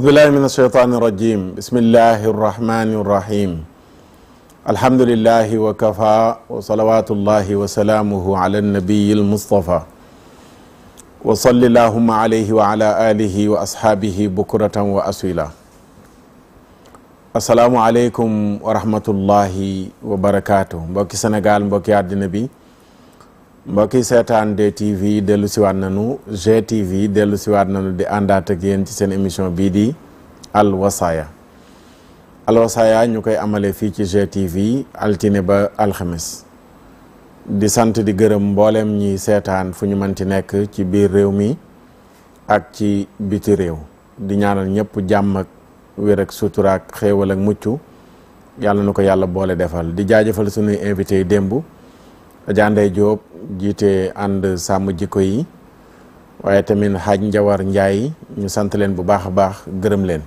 أعوذ بالله من الشيطان الرجيم بسم الله الرحمن الرحيم الحمد لله وكفى وصلوات الله وسلامه على النبي المصطفى وصل اللهم عليه وعلى آله وأصحابه بكرة وأسئلة السلام عليكم ورحمة الله وبركاته barakaatu سنغال sénégal mbokki النبي mbokki seetaan DTV dellu siwaat nanu GTV dellu siwaat nanu di àndaat ak ci seen émission bii di Al Wasaaya ñu koy amalee fii ci GTV altine ba alxames di sant di gërëm mbooleem ñi seetaan fu ñu mën ci nekk ci biir réew mi ak ci biti réew di ñaanal ñëpp jàmm ak wér ak sutura ak ak mucc yàlla na ko yàlla boole defal di jaajëfal sunuy invité yi démb Adja Ndeye Diop jiite ànd sàmm jikko yi waaye tamit xaaj njawar njaay ñu sant leen bu baax a baax gërëm leen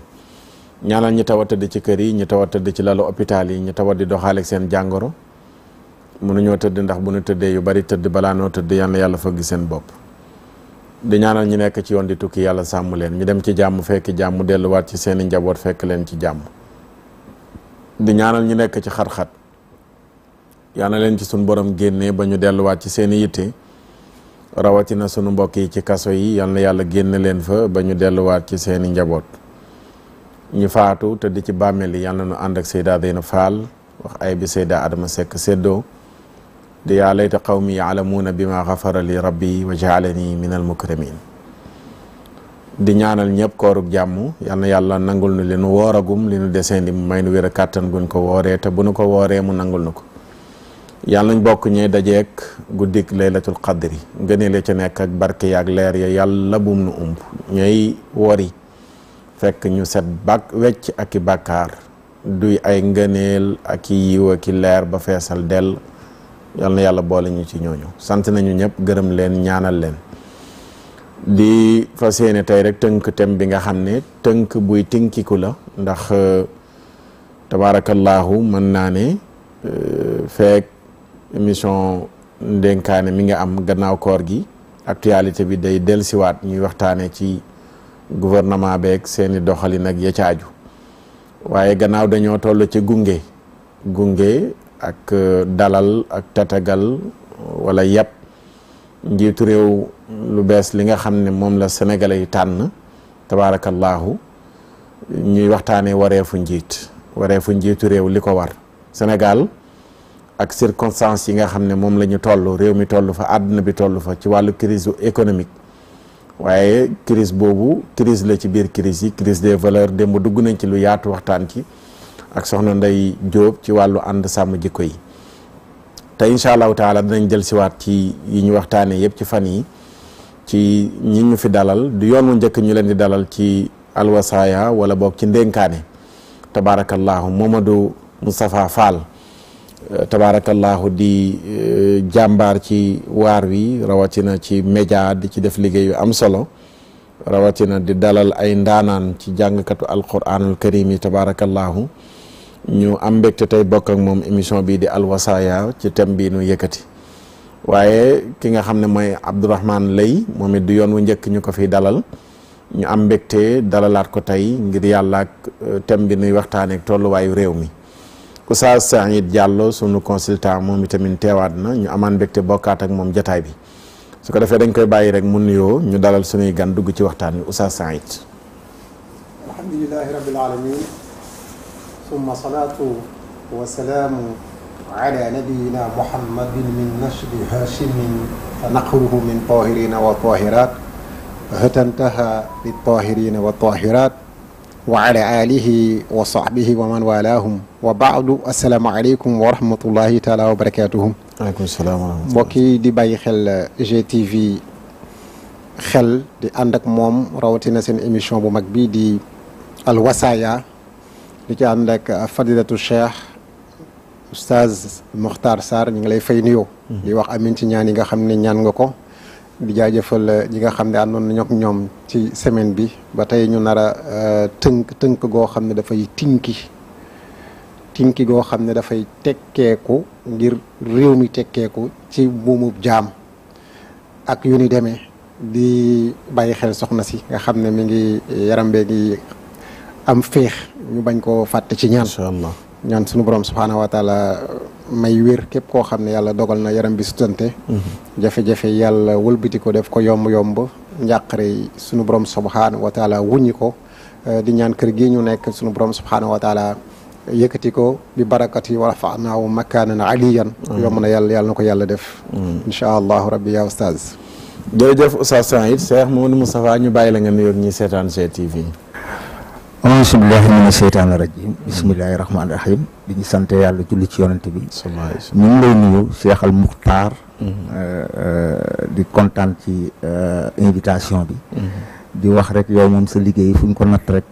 ñaanal ñi taw a tëdd ci kër yi ñu taw tëdd ci lalu hôpital yi ñu taw di doxaaleeg seen jàngoro mënuñoo tëdd ndax bu ñu tëddee yu bari tëdd balaa noo tëdd yal na yàlla fëgg seen bopp di ñaanal ñu nekk ci yoon di tukki yàlla sàmm leen ñu dem ci jàmm fekk jàmm delluwaat ci seeni njaboot fekk leen ci jàmm di ñaanal ñu nekk ci xat-xat yaa na leen ci sunu borom génnee ba ñu delluwaat ci seen i rawatina sunu mbokk yi ci kaso yi yal yàlla génne leen fa ba ñu delluwaat ci seen njaboot ñu faatu te di ci bàmmeel yi yal na nu ànd ak Seyda Zeyna Fall wax ay bi Seyda Adama Seck séddoo di yaa layta qawmi yaalamuuna bima xafara li rabbi wa jaalani min al mukramin di ñaanal ñëpp koorug jàmm yal na yàlla nangul nu li nu wooragum li nu deseendi mu may nu wér a kàttan guñ ko wooree te bu nu ko wooree mu nangul nu ko yàlla nañ bokk dajé lele guddik laylatul qadri ngeenele ci nek ak barké yak lèr ya yalla bu mu umb ñey wori fekk ñu set bak wécc ak bakar duy ay ngeenel ak i yiw ak lèr ba feesal del yalla yalla bolé ñu ci ñoño sant nañu ñep gërëm leen ñaanal leen di fas yéene tey rek teunk tem bi nga xam teunk tënk buy tinkiku la ndax tabarakallah man euh, fek émission ndénkaane mi nga am gannaaw koor gi actualité bi day dellusiwaat ñuy waxtaanee ci gouvernement beeg seeni doxalin ak ya waaye gannaaw dañoo toll ci gunge gunge ak euh, dalal ak tatagal wala yàpp njiitu réew lu bees li nga xam ne moom la sénégalais yi tànn tabaarakallaahu ñuy waxtaanee wareefu njiit fu njiitu réew li ko war Sénégal. ak circonstances yi nga xam ne moom la ñu toll réew mi tollu fa àdduna bi tollu fa ci wàllu crise économique waaye crise boobu crise la ci biir crise yi crise des valeur démb dugg nañ ci lu yaatu waxtaan ci ak soxna Ndey Jóob ci wàllu ànd sàmm jikko yi te incha allahu taala dinañ jël siwaat ci yi ñu waxtaanee yëpp ci fan yi ci ñi ñu fi dalal du yoon wu njëkk ñu leen di dalal ci alwasaaya wala boog ci ndénkaane tabaarakallahu Momadou Moustapha Fall tabaarakallaahu di eh, jàmbaar ci waar wi rawatina ci média di ci def liggéey yu am solo rawatina di dalal ay ndaanaan ci jàngkatu alquranul karim yi tabaarakallaahu ñu am mbégte tey bokk ak moom émission bii di alwasaaya ci thème bii nu yëkkati waaye ki nga xam ne mooy Abdourahmane Lay moom it du yoon wu njëkk ñu ko fi dalal ñu am mbégte dalalaat ko tey ngir yàllaak ak eh, thème bi nuy waxtaanee tolluwaayu réew mi. Oustaz Saïd Diallo sunu consultant moom itamit teewaat na ñu amaan mbégte bokkaat ak moom jataay bi su ko defee dañ koy bàyyi rek mun nuyoo ñu dalal sunuy gan dugg ci waxtaan wi Oustaz Saïd alhamdulilahi rabbil alamin summa salaatu wa salaamu ala nabiyina muhammadin min nashbi hashimin fa naqruhu min tahirina wa tahirat hatantaha bi tahirina wa tahirat وعلى آله وصحبه ومن والاهم وبعد السلام عليكم ورحمة الله تعالى وبركاته عليكم السلام ورحمة الله دي باي خل جي تي في خل دي عندك موم روتينا سين إميشون بو مكبي دي الوسايا دي عندك فضيلة الشيخ أستاذ مختار سار نيغلاي فاي نيو دي واخ امين تي نياني خامني نيان نغاكو di jaajëfal eh, ñi nga xam ne àndoon nañu ak ñoom ci semaine bi ba tey ñu nar a eh, tënk tënk goo xam ne dafay tinki tinki goo xam ne dafay tekkeeku ngir réew mi tekkeeku ci buumub jaam ak yu ni demee di bàyyi xel soxna si nga xam ne mu ngi eh, yaram bee ngi am féex ñu bañ koo fàtte ci ñaan. incha allah sunu borom subhaanahu wa may wér képp koo xam ne yàlla dogal na yaram bi sutante jafe-jafe yàlla wëlbati ko def ko yomb-yomb njàqare sunu borom subhaanahu wa taala wuññi ko euh, di ñaan kër gi ñu nekk sunu borom subhaanahu wa taala yëkkati ko bi barakati wa rafanaahu makaanan aliyan yomb na yàlla yàlla na ko yàlla def incha allahu rabbi yaa oustaz jërëjëf oustaz Saïd Cheikh Mamadou Moustapha ñu bàyyi la nga nuyoog ñi seetaan GTV auzu billaahi mina seytaani rajiim bismillaahi rahmaani rahiim di ñu sant yàlla julli ci yonent bi ñu ngi lay nuyu seexal Al Mukhtar mm-hmm. euh, euh, di kontaan ci euh, invitation bi mm-hmm. di wax rek yow moom sa liggéey fu ñu ko natt rek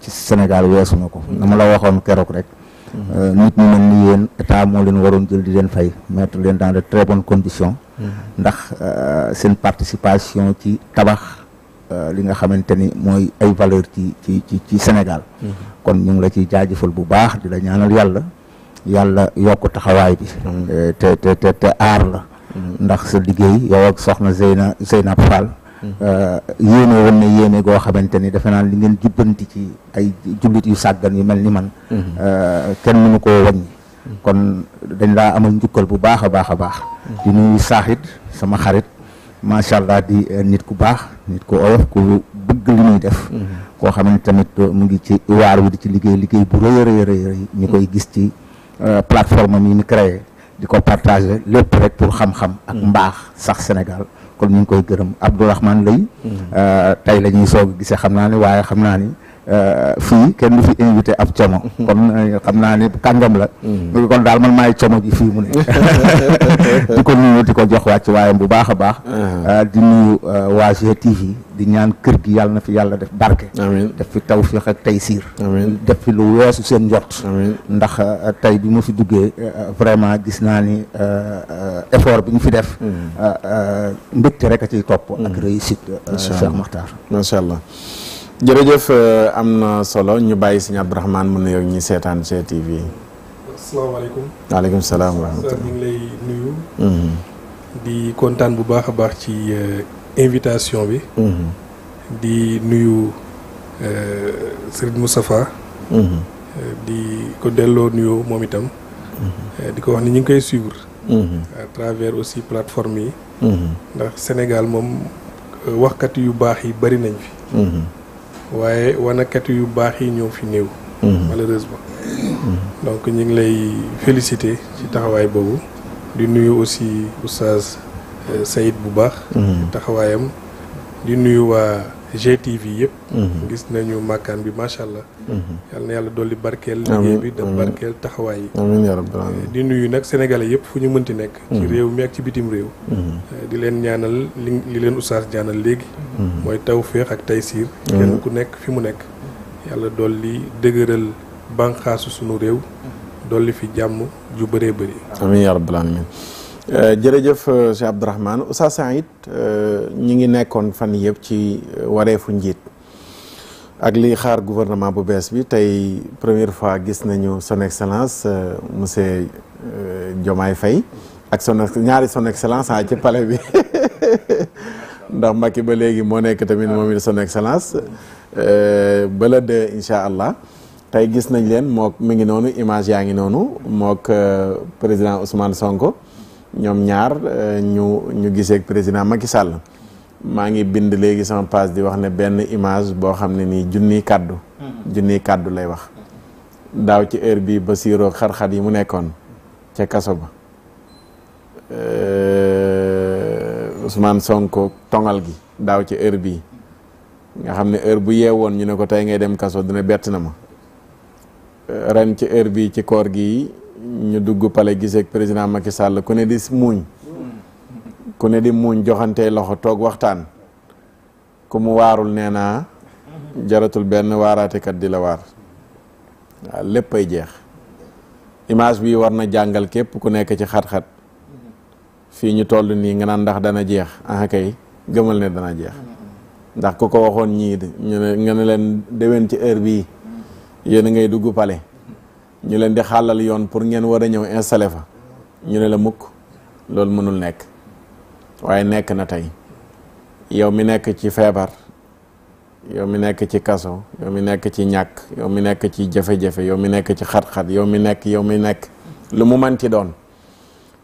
ci Sénégal weesu na ko mm-hmm. dama la waxoon keroog rek nit ñu mel ni yéen état moo leen waroon jël di leen fay mettre leen dans de très bonnes conditions ndax seen participation ci tabax Euh, li nga xamante ni mooy ay valeur ci ci ci ci Sénégal mm-hmm. kon ñu ngi la ciy jaajëfal bu baax di la ñaanal yàlla yàlla yokk taxawaay bi mm-hmm. euh, te te aar la mm-hmm. ndax sa liggéey yow ak soxna Zeyna Zeynab Fall euh, yéene woon na yéene goo xamante ni defe naan li ngeen jubbanti ci ay jullit yu sàggan yu mel ni man kenn mënu koo wàññi kon dañ laa amal njukkal bu baax a baax a baax di nuyu saaxit sama xarit macha allah di eh, nit ku baax nit ku oyof ku bëgg li muy def. Mm-hmm. koo xam ne tamit eh, mu ngi ci waar wi di ci liggéey liggéey bu rëy rëy rëy ñu koy gis ci eh, plateforme yi ñu créé di ko partagé lépp rek pour xam-xam. ak mm-hmm. mbaax sax Sénégal kon ñu ngi koy gërëm Abdourahmane lay mm-hmm. tey la ñuy soog gisee xam naa ne waaye xam naa ni. Euh, fii kenn du fi invité ab camo mhm. kon euh, xam naa ni kàngam la mhm. kon daal man maay camo ji fii mu ne di ko nuyu di ko jox wàcc waayam bu baax a baax uh-huh. euh, di nuyu waa GTV di ñaan kër gi yàlla na fi yàlla def barke amiin def fi tawfiq ak tey amiin def fi lu weesu seen njort ndax tey bi ma fi duggee vraiment gis naa ni effort bi ñu fi def mm-hmm. mbégte rek a ciy topp ak mm-hmm. réussite Cheikh Makhtar macha jërëjëf eh, amna amna solo ñu bayyi sëñ Abdourahmane mu nuyoog ñi sétane ci tv assalamu alaykum wa rahmatulah. ñu ngi lay mm-hmm. di contane bu baax baax ci eh, invitation bi. Mm-hmm. di nuyu eh, Serigne Moustapha. Mm-hmm. di ko delloo nuyu moom itam. di ko wax ni ñu ngi koy suivre. à travers aussi plateforme yi. ndax Sénégal mom waxkat yu baax yi bari nañ fi. waaye wanakat yu bax yi ñëw fi néew. Mhm. malheureusement. Mhm. donc ñing lay féliciter ci taxaway boobu. di nuyu aussi oustaz euh, Saïd bu baax. Mhm. taxawayam di nuyu waa. GTV yëpp. Mhm. gis nañu màkkaan bi macha allah. Mhm. yal na yàlla dolli barkeel. liggéey bi daf barkeel taxawaay yi. amiin yaa eh, di nuyu nag sénégalais yëpp fu ñu mënti nekk. ci mhm. réew mi ak ci bitim réew. Eh, di leen ñaanal li li leen oustaz ñaanal léegi. mooy tawféex ak taysiir. kenn ku nekk fi mu nekk. yàlla dolli dëgëral bànqaasu sunu réew. dolli fi jàmm ju bëree bëri. amiin yaa rabbal aalamiin Euh, jërëjëf euh, Cheikh Abdourahmane Oustaz Saïd euh, ñi ngi nekkoon fan yëpp ci wareefu njiit ak li xaar gouvernement bu bees bi tey première fois gis nañu son excellence monsieur Diomaye Faye ak son ñaari son excellence a ah, ci pale bi ndax Macky ba léegi moo nekk tamit moom it son excellence bala de incha allah tey gis nañ leen mook mi ngi noonu image yaa ngi noonu mook président Ousmane Sonko ñoom ñaar euh, ñu ñu gisee ak président Macky Sall maa ngi bind léegi sama page di wax ne benn image boo xam ne nii junniy kàddu mhm. junniy kàddu lay wax daaw ci heure bii ba siiroo xar-xar yi mu nekkoon ca kaso ba euh, Ousmane Sonko tongal gi daaw ci heure bii nga xam ne heure bu yeewoon ñu ne ko tey ngay dem kaso dina bett na ma euh, ren ci heure bii ci koor gi ñu dugg pale ak président Macky Sall ku ne di muñ ku ne di muñ joxante loxo tok waxtaan ku mu warul nee jaratul jaratul warate kat di la war leppay jeex image bi war jangal kep ku nekk ci xat-xat fi ñu toll ni nga naan ndax dana jeex ah kay gëmal ne dana jeex ndax ku ko waxon ñi ñu ne nga leen dewen ci heure bi yeen ngay dugg pale ñu leen di xàllal yoon pour ngeen war a ñëw installé fa ñu ne la mukk loolu mënul nekk waaye nekk na tey yow mi nekk ci feebar yow mi nekk ci kaso yow mi nekk ci ñàkk yow mi nekk ci jafe-jafe yow mi nekk ci xat-xat yow mi nekk yow mi nekk lu mu manti doon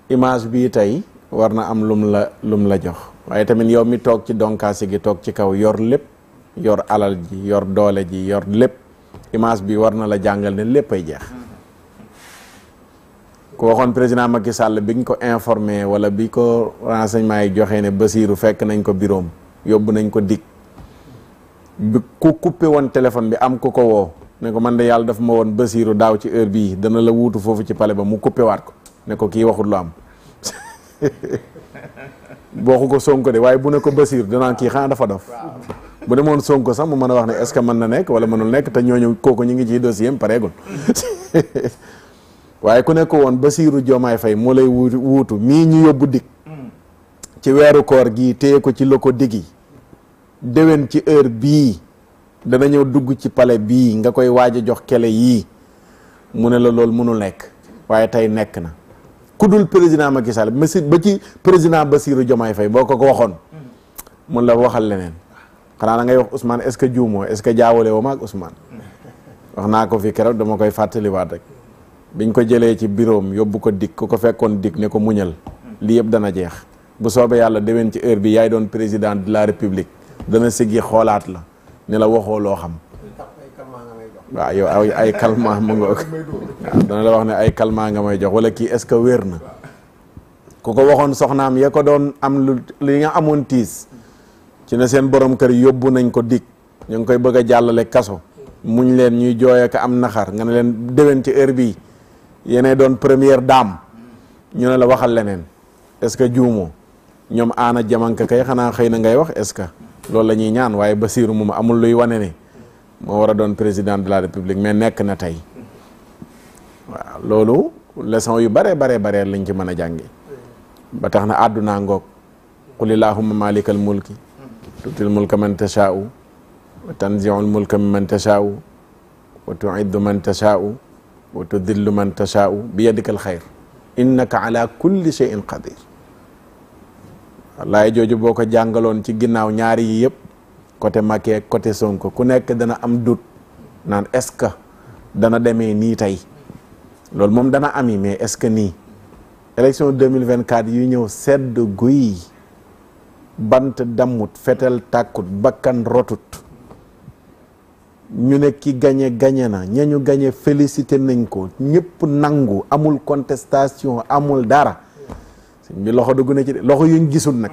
image bii tey war na am lum la lum la jox waaye tamit yow mi toog ci donkaasi gi toog ci kaw yor lépp yor alal ji yor doole ji yor lépp image bi war na la jàngal ne léppay jeex ko waxoon président Macky Sall bi ñu ko informé wala bi ko renseignement yi joxee ne Basirou fekk nañ ko biroom yóbbu nañ ko dikk bi ku coupé woon téléphone bi am ku ko woo ne ko man de yàlla daf ma woon Basirou daaw ci heure bii dana la wuutu foofu ci pale ba mu coupé waat ko ne ko kii waxut lu am boo ko Sonko de waaye bu ne ko Basirou danaa kii xanaa dafa dof bu demoon Sonko sax mu mën a wax ne est que mën na nekk wala mënul nekk te ñooñu kooku ñu ngi ci dossier am pareegul waaye ku nekk woon Basiiru Jomaay Fay moo lay wuutu mii ñu yóbbu dig mm. ci weeru koor gi téye ko ci la ko digi déwén ci heure bii dana ñëw dugg ci pale bii nga koy waaj a jox kele yii mu ne la loolu mënul nekk waaye tey nekk na ku dul président Macky Sall ba ci président ba Bassirou Diomaye fay boo ko ko waxoon mm. mun la waxal leneen xanaa da ngay wax Ousmane est-ce que juumoo est-ce que jaawale woo ma ak Ousmane mm. wax naa ko fi keroog dama koy fàttaliwaat rek biñ ko jëlé ci birom yobbu ko dik ko ko fekkon dik ne ko muñal li yeb dana jeex bu soobe yalla dewen ci heure bi yaay doon président de la république dana siggi xolaat la ne la waxo lo xam wa yow ay ay calmant mu nga dana la wax ne ay kalma nga may jox wala ki est-ce werna na ko ya ko doon am lu li nga amone tiis ci na sen borom keur yobbu nañ ko dik ñang koy bëgg jallale kasso muñ leen ñuy joye ka am naxar nga ne leen dewen ci heure bi yéenay doon première dame ñu ne la waxal leneen est-ce que juumoo ñoom aana jamanka kay xanaa xëy na ngay wax est-ce que loolu la ñuy ñaan waaye Basiiru moom amul luy wane ne moo war a doon président de la république mais nekk na tey loolu leçon yu bare bare bare lañ ci mën a jànge ba tax na àdduna ngoog qul illahumma malikal mulki tutil mulka man tashaa'u wa tanzi'ul mulka mimman tashaa'u wa tu'izzu man tashaa'u wa tudillu man tashaau bi yadika alxayr innaka ala kulli cheyin qadir wallaay jooju boo ko jàngaloon ci ginnaaw ñaari yi yëpp côté Macky côté Sonko ku nekk dana am doute naan est-ce que dana demee nii tey loolu moom dana ami mais est-ce que nii élection 2024 yu ñëw sedd guy bant dammut fetel takkut bakkan rotut ñu nek ki gagné gagné na ñañu gagné félicité nañ ko ñepp nangu amul contestation amul dara sëñ bi loxo dugu na ci loxo yuñu gisul nak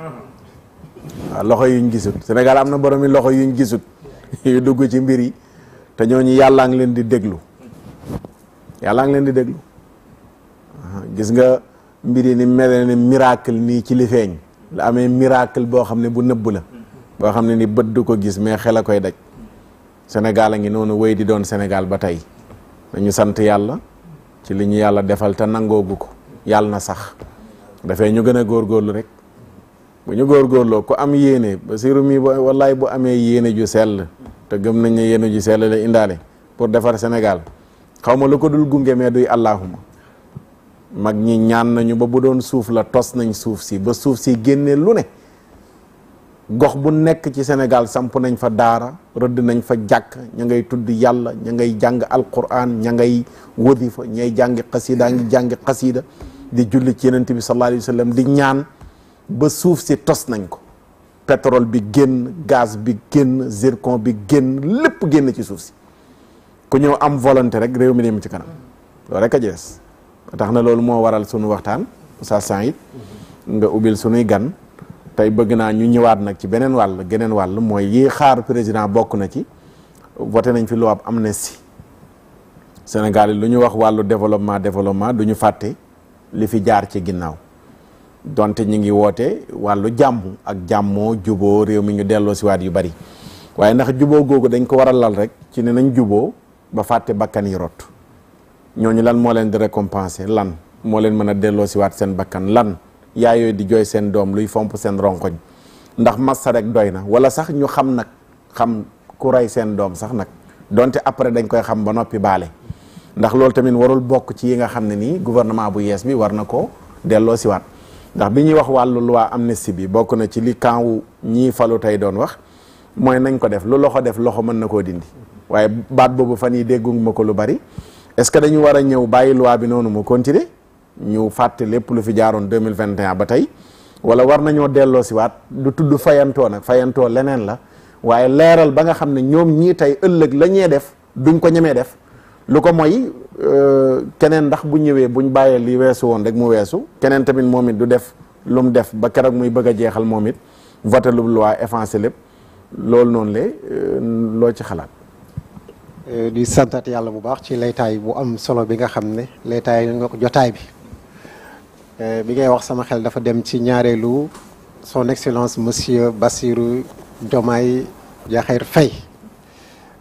loxo yuñu gisul sénégal amna na borom yi loxo yuñu gisul yu dugu ci mbir yi te ñooñu yalla ngi leen di déglu yalla ngi leen di déglu gis nga mbir yi ni mel ni miracle ni ci li feñ la amé miracle bo xamné ne bu nëbb la boo ni bëdd ko gis mais xel daj Sénégal a ngi noonu wéy di doon Sénégal ba tey nañu sant yàlla ci li ñu yàlla defal te nangoogu ko yàll na sax dafay ñu gën a góorlu rek bu ñu góor góorloo ku am yéene Basiru mi wallaay bu amee yéene ju sell te gëm nañ ne yéene ju sell la indaale pour defar Sénégal xaw ma lu ko dul gunge mais duy allahuma mag ñi ñaan nañu ba bu doon suuf la tos nañ suuf si ba suuf si génnee lu ne gox bu nek ci senegal samp nañ fa daara rëdd nañ fa jak ña ngay tudd yàlla ña ngay alquran ña ngay wadifa ñay jang qasida ngi jang qasida di julli ci yenen bi sallallahu alayhi wasallam di ñaan ba suuf si tos nañ ko pétrole bi genn gaz bi genn zircon bi genn lepp genn ci suuf si ku ñew am volonté rek rew mi dem ci kanam lo rek a tax na lolu mo waral sunu waxtaan sa san nga ubil sunuy gan tey bëgg naa ñu ñëwaat nag ci beneen wàll geneen wàll mooy yi xaar président bokk na ci voté nañ fi loi ab amnistie Sénégal yi lu ñu wax wàllu développement développement du ñu fàtte li fi jaar ci ginnaaw donte ñu ngi woote wàllu jàmm ak jàmmoo juboo réew mi ñu delloo si waat yu bari waaye ndax juboo googu dañ ko waral lal rek ci ne nañ juboo ba fàtte bakkan yi rot ñoo ñu lan moo leen di récompenser lan moo leen mën a delloo si waat seen bakkan lan yaay yooyu di jooy seen doom luy fomp seen ronkoñ ndax massa rek doy na wala sax ñu xam nag xam ku rey seen doom sax nag donte après dañ koy xam ba noppi baale ndax loolu tamit warul bokk ci yi nga xam ne nii gouvernement bu yees bi war na ko delloo siwaat ndax bi ñuy wax wàllu loi amnistie bi bokk na ci li camp wu ñii falu tey doon wax mooy nañ ko def lu loxo def loxo mën na koo dindi waaye baat boobu fan yi déggu ma ko lu bari est-ce que dañu war a ñëw bàyyi luwaa bi noonu mu continuer ñu fàtte lépp lu fi jaaroon deux mille vingt et ba tey wala war nañoo delloo siwaat lu du tudd fayantoo nag fayantoo leneen la waaye leeral ba nga xam ne ñoom ñii tey ëllëg la ñee def duñ ko ñemee def lu ko mooy euh, keneen ndax bu ñëwee buñ bàyyee li weesu woon rek mu weesu keneen tamit moom it du def lu def ba keroog muy bëgg a jeexal moom it voté lu loi effacé lépp loolu noonu le euh, loo ci xalaat euh, di santaat yàlla bu baax ci laytaay bu am solo bi nga xam ne laytaay nga ko jotaay bi Eh, bi ngay wax sama xel dafa dem ci ñaareelu son excellence monsieur Bassirou Diomaye Diakhar Faye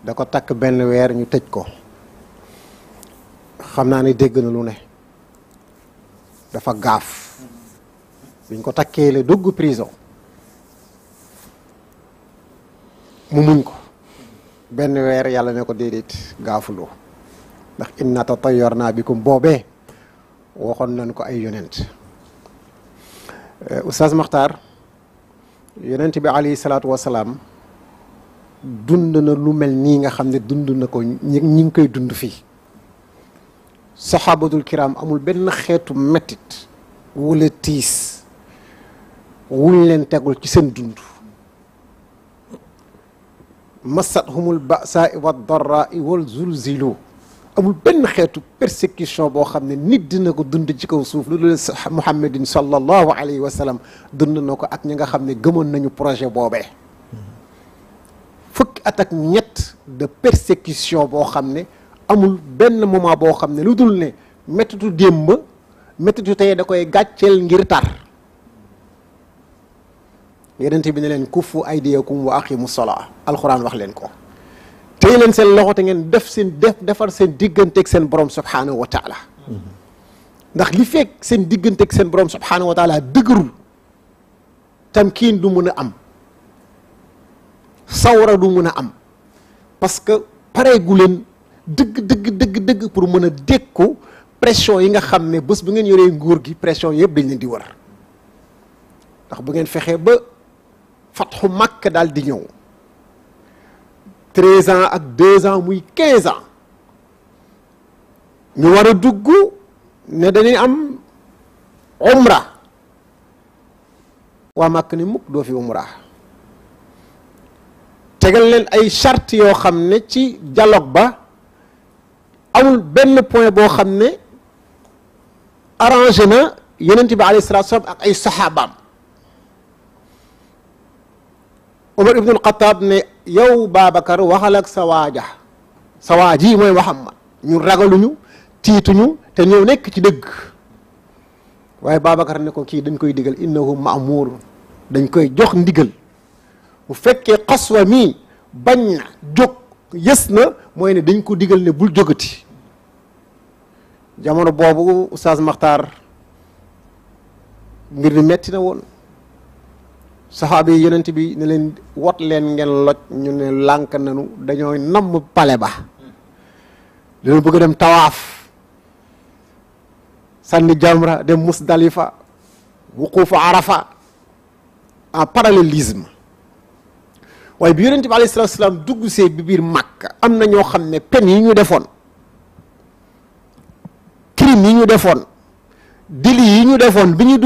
da ko takk benn weer ñu tëj ko xam naa ni dégg na lu ne dafa gaaf biñ ko takkee la dugg prison mu muñ ko benn weer yàlla ne ko déedéet gaafuloo ndax inna tatayarna bikum boobee waxoon nañ ko ay yonent oustaz Maxtaar yonent bi alayhi salaatu wasalaam dund na lu mel nii nga xam ne dund na ko ñi ngi koy dund fii saxaabatul kiram amul benn xeetu mettit wala tiis wuñ leen tegul ci seen dund massathumul basa wa darra wal zulzilu amul ben xeetu persécution boo xam ne nit dina ko dund ci kaw suuf lu dul muhammadin sallallahu alayhi wa sallam dund na ko ak ñi nga xam ne gëmoon nañu projet boobee fukki at ak ñett de persécution boo xam ne amul benn moment boo xam ne lu dul ne méttitu démb méttitu tey da koy gàcceel ngir tar yonent bi ne leen kuffu aydiyakum wa aqimu salaa alxuraan wax leen ko tey leen seen loxo te ngeen def seen def defar seen digganteeg seen borom subhaanahu wa taala ndax li fekk seen digganteeg seen borom subhaanahu wa taala dëgërul tamkiin du mën a am sawra du mën a am parce que pareegu leen dëgg dëgg dëgg dëgg pour mën a dékku pression yi nga xam ne bés bu ngeen yoree nguur gi pression yëpp dañ leen di war ndax bu ngeen fexee ba fatxu màkk daal di ñëw 13 ans ak 2 ans muy 15 ans ñu war a dugg ne dañuy am umra waa màkk ni mukk doo fi umra tegal leen ay charte yoo xam ne ci dialogue ba amul benn point boo xam ne arrangé na yenent bi alayhi salatu salaam ak ay saxaabaam Omar al Xataab ne yow Babacar waxal ak sa waaja sa waa ji mooy Muhammad ñu ragaluñu tiituñu te ñëw nekk ci dëgg waaye Babacar ne ko kii dañ koy digal innahu maamuur dañ koy jox ndigal bu fekkee xaswa mi bañ na jóg yës na mooy ne dañ ko digal ne bul jógati jamono boobu Oustaz Makhtar mbir mi metti na woon sahabi yonent bi ne wat wat len ngeen loj ñu ne lank nañu dañoo nam palé ba dañu bëgg dem tawaf sanni jamra dem musdalifa wuquf arafa a parallelisme way bi yonent bi alayhi salatu wassalam dugg see bi bir amna ño pen yi ñu defoon crime yi ñu defoon دلي ينو دفون بني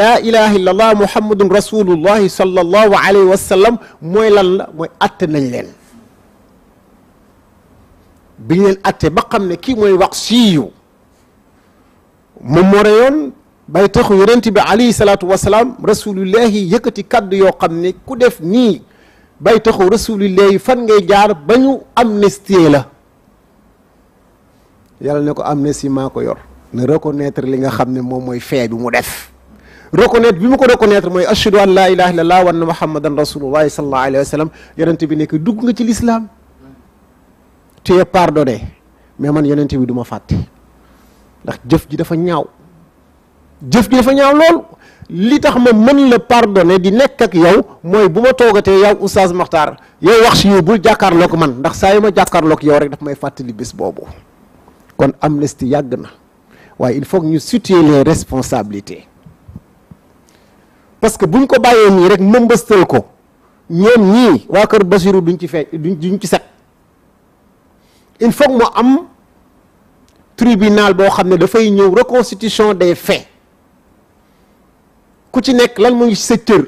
لا اله الا الله محمد رسول الله صلى الله عليه وسلم موي لان لا موي ات نان لين بي نين ات با خامن كي موي واخ سيو مو موريون باي تخو يرنتي بي علي رسول الله يكتي كاد يو خامن كو ديف ني باي رسول الله فان غي جار بانيو امنيستي لا امنيسي ماكو يور ne reconnaître li nga xamne mom moy mooy bi mu def reconnaître bi mu ko reconnaître moy ashhadu an la ilaha illallah wa anna muhammadan rasulullah sallallahu alayhi wasallam sallam yonent bi nek dug nga ci l'islam tu es pardonné mais man yonent bi duma faté ndax jëf ji dafa ñaaw jëf ji dafa ñaaw lool li tax mom man la pardonné di nek ak yow moy buma togaté yow oustaz Makhtar yow wax ci yow bu jakarlok man ndax sayuma jakarlok yow rek daf may fàttali bis bobu kon amnesty yagna waaye il faut que ñu situer les responsabilités parce que buñ ko bàyyee nii rek mëmbastal ko ñoom ñii waa kër Basiru duñ ci fee duñ duñ ci set il faut que mu am tribunal boo xam ne dafay ñëw reconstitution des faits ku ci nekk lan mu ngi sa cër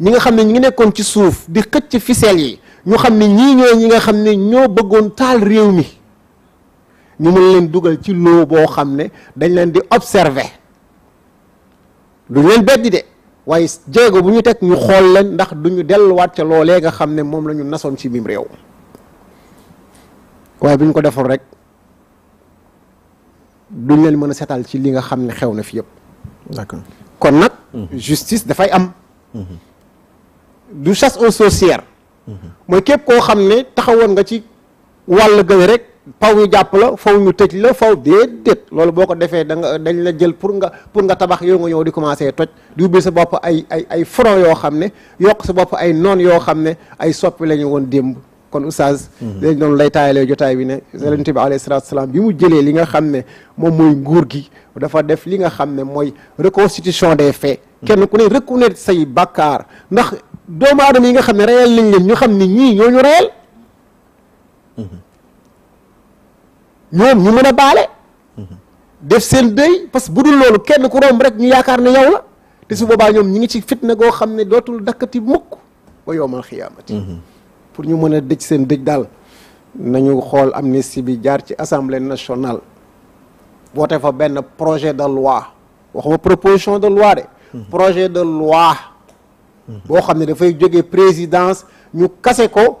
ñi nga xam ne ñu ngi nekkoon ci suuf di xëcc ficelle yi ñu xam ne ñii ñooy ñi nga xam ne ñoo bëggoon taal réew mi ñu mën leen dugal ci loo boo xam ne dañ leen di observer duñ leen beddi de waaye jéego bu ñu teg ñu xool leen ndax duñu delluwaat ca loolee nga xam ne moom la ñu nasoon ci mim réew waaye bu ñu ko deful rek duñ leen mën a setal ci li nga xam ne xew na fi yëpp d'accord kon nag justice dafay am du chasse aux sorcières mooy képp koo xam ne taxawoon nga ci wàll gële rek faw ñu jàpp la faw ñu tëj la faw déedéet loolu boo ko defee da nga dañ la jël pour nga pour nga tabax yow nga ñëw di commencé toj di ubbi sa bopp ay ay ay front yoo xam ne yokk sa bopp ay noon yoo xam ne ay soppi la ñu woon démb kon oustaz léegi mhm. noonu lay taayalee jotaay bi ne yonent bi alayhi salaatu salaam bi mu jëlee li nga xam ne moom mooy nguur gi dafa def li nga xam ne mooy reconstitution des faits kenn ku ne reconnaître say bàkkaar ndax doomu aadama yi nga xam ne reyal nañ ñu xam ni ñii ñoo ñu reyal ñoom ñu mën a baale. def seen dëy parce que bu dul loolu kenn ku romb rek ñu yaakaar ne yow la te su boobaa ñoom ñu ngi ci fitna goo xam ne dootul dakkati mukk ba yowmal xiyaamati. pour ñu mën a dëj seen dëj daal nañu xool amnistie bi jaar ci assemblée nationale. woote fa benn projet de loi waxuma proposition de loi projet de loi. boo xam ne dafay jóge présidence ñu kase ko.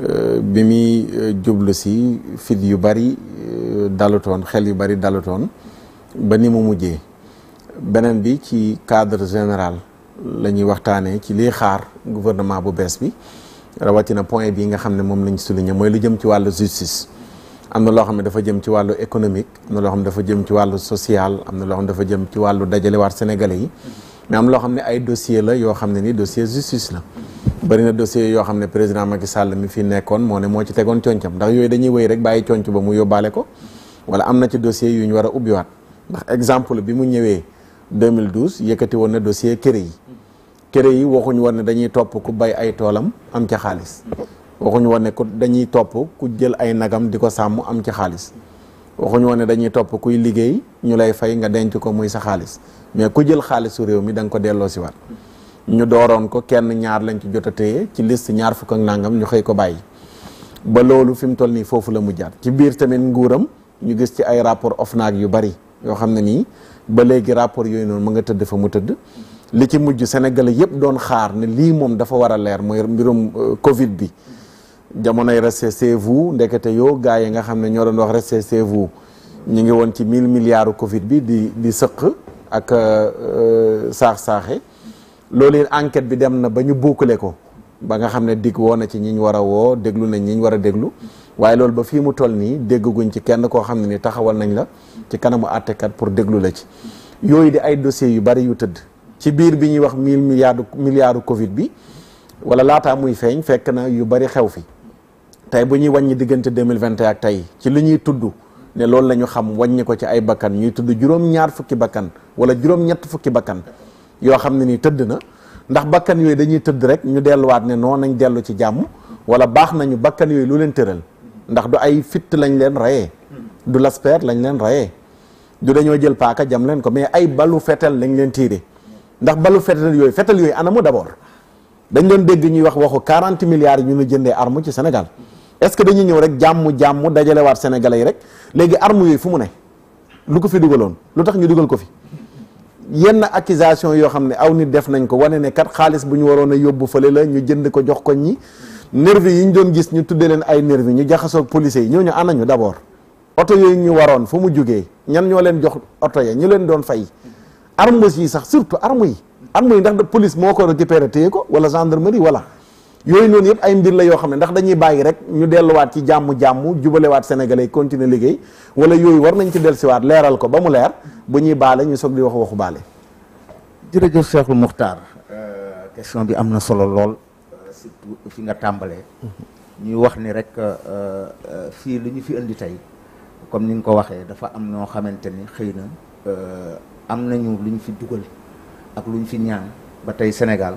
Euh, bi muy euh, jublu si fit yu bari euh, dalutoon xel yu bari dalutoon ba ni mu mujjee beneen bi ci cadre général la ñuy waxtaanee ci liy xaar gouvernement bu bees bi rawatina point bii nga xam ne moom lañ souligné mooy lu jëm ci wàllu justice am na loo xam ne dafa jëm ci wàllu économique am na loo xam ne dafa jëm ci wàllu social am na loo xam dafa jëm ci wàllu dajalewaat Sénégalais yi mais am loo xam ne ay dossier la yoo xam ne ni dossier justice la bari na dossier yoo xam ne président Macky Sall mi fi nekkoon moo ne moo ci tegoon concam ndax yooyu dañuy wéy rek bàyyi conc ba mu yóbbaale ko wala am na ci dossier yu war a ubbiwaat ndax exemple bi mu ñëwee 2012 yëkkati woon na dossier këré yi këre yi waxuñ woon ne dañuy topp ku bay ay toolam am ca xaalis waxuñ woon ne ku dañuy topp ku jël ay nagam di ko sàmm am ci xaalis waxuñu woon ne dañuy topp kuy liggéey ñu lay fay nga denc ko muy sa xaalis mais ku jël xaalisu réew mi da nga ko delloo si waat ñu dooroon ko kenn ñaar lañ ci jot a téye ci liste ñaar fukk ak nangam ñu xëy ko bàyyi ba loolu fi mu toll nii foofu la mujjaat ci biir tamit nguuram ñu gis ci ay rapport OFNAC yu bari yoo xam ne nii ba léegi rapport yooyu noonu mu nga tëdd fa mu tëdd li ci mujj Sénégalais yëpp doon xaar ne lii moom dafa war a leer mooy mbirum euh, Covid bi jamonoy restez chez vous ndekete yoo gars yi nga xam ne ñoo doon wax restez chez vous ñu ngi woon ci mille milliards Covid bi di di sëq ak euh, euh, saax saaxe loolu enquête bi dem na ba ñu boucler ko ba nga xam ne digg woo na ci ñi ñu war a woo déglu nañ ñi ñu war a déglu waaye loolu ba fii mu toll nii dégguñ ci kenn koo xam ne ni taxawal nañ la ci kanamu àttekat pour déglu la ci yooyu di ay dossiers yu bari yu tëdd ci biir bi ñuy wax mille milliards milliards Covid bi wala laata muy feeñ fekk na yu bari xew fi tey bu ñuy wàññi diggante 2021 ak tey ci li ñuy tudd ne loolu la ñu xam wàññi ko ci ay bakkan ñuy tudd juróom-ñaar fukki bakkan wala juróom-ñett fukki bakkan yoo xam ne ni tëdd na ndax bakkan yooyu dañuy tëdd rek ñu delluwaat ne noonu nañ dellu ci jàmm wala baax nañu bakkan yooyu lu leen tëral ndax du ay fitt lañ leen rayee du lasper lañ leen rayee du dañoo jël paaka jam leen ko mais ay balu fetal lañ leen tiire ndax balu fetal yooyu fetal yooyu anamu d'abord dañ doon dégg ñuy wax waxu 40 milliards ñu nu jëndee arme ci Sénégal est-ce que dañuy ñëw rek jàmm jàmm dajalewaat sénégale yi rek léegi arme yooyu fu mu ne lu ko fi dugaloon lu tax ñu dugal ko fi yenn accusation yoo xam ne aw nit def nañ ko wane ne kat xaalis bu ñu waroon a yóbbu fële la ñu jënd ko jox ko ñi nervi yi ñu doon gis ñu tuddee leen ay nervi ñu jaxasoog policiers yi ñoo ñooñu anañu d'abord oto yooyu ñu waroon fu mu jógee ñan ñoo leen jox oto ya ñu leen doon fay armes yi sax surtout armes yi armes yi ndax de police moo ko récupéré téye ko wala wala yooyu noonu yëpp ay mbir la yoo xam ne ndax dañuy bàyyi rek ñu delluwaat ci jàmm-jàmm jubalewaat sénégalais yi continuer liggéey wala yooyu war nañ ci dellusiwaat leeral ko ba mu leer bu ñuy baale ñu soog di wax waxu baale jërëjëf Cheikhul Muxtaar euh, question bi am na solo lool euh, surtout fi nga tàmbalee ñuy wax ni rek euh, fii lu ñu fi indi tey comme ni nga ko waxee dafa am noo xamante ni xëy na am nañu lu ñu fi dugal ak lu ñu fi ñaan ba tey Sénégal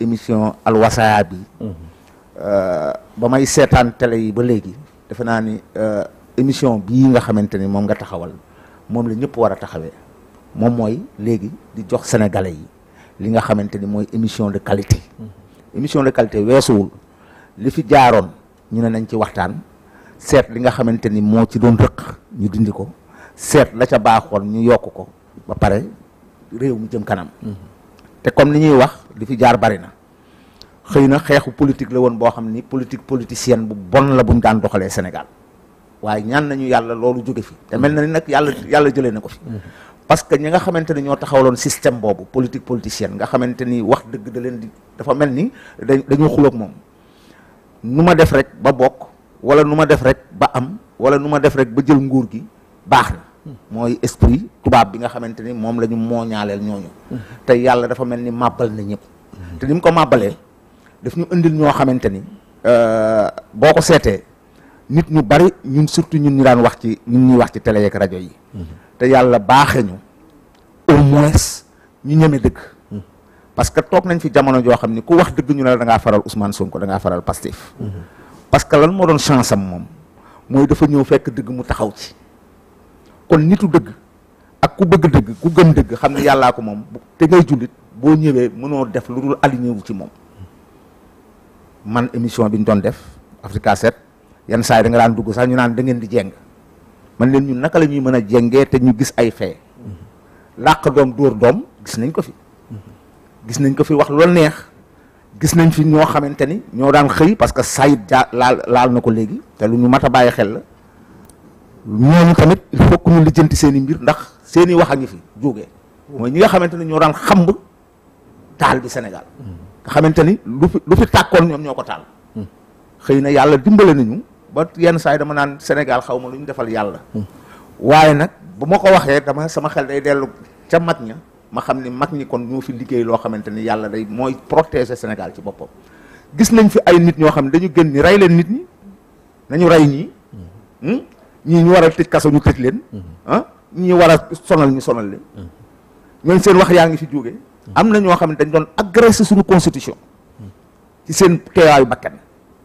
émission à bi euh, ba may télé yi ba léegi defe ni euh, émission bii nga xamante la ñëpp a taxawee légui du di jox sénégalais yi li nga émission de qualité mm-hmm. émission de qualité weesuwul li fi jaaroon ñu ne ci waxtaan seet li nga une ni ci doon la ca ñu ba te comme ni ñuy wax li fi jaar bari na xëy na xeexu politique la woon boo xam ni politique politicienne bu bon la bu mu daan doxalee Sénégal waaye ñaan nañu yàlla loolu jóge fi te mel na ni nag yàlla yàlla jëlee na ko fi mm-hmm. parce que ñi nga xamante ni ñoo taxawloon système boobu politique politicienne nga xamante ni wax dëgg da leen di dafa mel ni dañ dañoo xuloog moom nu ma def rek ba bokk wala nu ma def rek ba am wala nu ma def rek ba jël nguur gi baax na moy esprit tubab bi nga xamanteni mom lañu la ñu mooñaaleel ñooñu te yàlla dafa melni mabal na ñep te ni ko mabalé daf ñu indil ño xamanteni euh boko sété nit ñu bari ñun surtout ñun ñu daan wax ci ñun ñi wax ci télé yeeg radio yi te yalla baaxe ñu au moins ñu ñëmé dëkk parce que tok nañ fi jamono jo xamni ku wax dëgg ñu la da nga faral Ousmane Sonko da nga faral Pastif parce que lan mo doon chance am mom moy dafa ñëw fekk dëgg mu taxaw ci kon nitu deug ak ku bëgg deug ku gën deug xam ne ko mom te ngay jullit bo ñëwé mëno def lu dul aligné wu ci mom man émission bi ñu doon def Afrika 7 yan saa da nga daan dugg sax ñu naan da ngeen di jeng man leen ñun naka lañuy mëna jengé te ñu gis ay fée laq dom door dom gis nañ ko fi gis nañ ko fi wax lool neex gis nañ fi ño xamanteni ño daan xey parce que Saïd laal nako légui lu ñu mata baye xel ñooñu tamit il faut ñu lijjanti seen i mbir ndax seeni wax a ngi fi jógee mooy ñi nga xamante ne ñoo daan xamb taal bi Sénégal nga xamante ni lu fi lu fi tàkkoon ñoom ñoo ko taal xëy na yàlla dimbale nañu ba yenn saa yi dama naan Sénégal xaw ma lu ñu defal yàlla waaye nag bu ma ko waxee dama sama xel day dellu ca mag ña ma xam ni mag ñi kon ñoo fi liggéey loo xamante ni yàlla day mooy protéger Sénégal ci boppam gis nañ fi ay nit ñoo xam ne dañu gën rey leen nit ñi nañu rey ñi ñu war tej kasso ñu tej leen han mhm. ah, ñi war sonal ñu sonal leen ñen mhm. seen wax yaangi ci juugé mhm. am na ñoo xam dañ doon agresser suñu constitution ci seen yu bakkan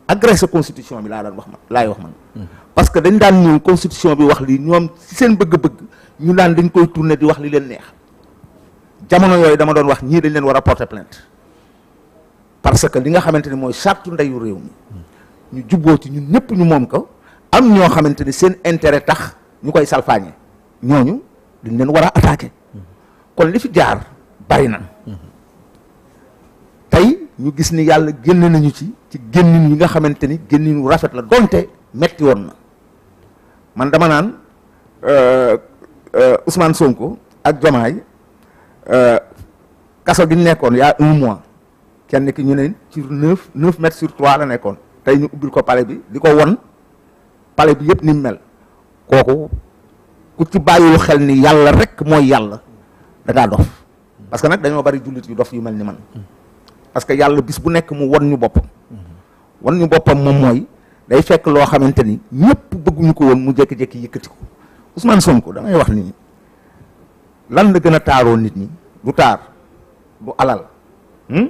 agresser constitution bi la daan wax man lay wax man parce que dañ daan ñu constitution bi wax li ñom ci seen bëgg-bëgg ñu daan dañ koy tourner di wax li leen neex jamono yoy dama doon wax ñi dañ leen wara porter plainte parce que li nga xamanteni ni charte ndayu réew ñu jubboo ci ñun ñepp ñu mom ko am ño xamanteni seen intérêt tax ñukoy koy ñoñu duñ leen wara a attaqué kon li fi jaar bari na tay ñu gis ni yalla genn nañu ci ci génnin yi nga xamante ni génnin rafet la donte metti won na man dama naan euh, euh, Ousmane Sonko ak Jomaay euh kasso nekkoon nekkon ya un mois kenn ki ñu ne ci 9 9 mètres sur 3 la nekkon tay ñu ubbil ko palais bi diko won palais bi yëpp ni mel kooku ku ci bàyyiwul xel ni yàlla rek mooy yàlla da ngaa dof parce que nag dañoo bari jullit yu dof yu mel ni man parce que yàlla bis bu nekk mu won ñu boppam won ñu boppam moom mooy day fekk loo xamante ni ñëpp bëgguñu ko woon mu jékki-jékki yëkkati ko Ousmane Sonko damay wax nii lan la gën a taaroo nit ñi du taar du alal hmm?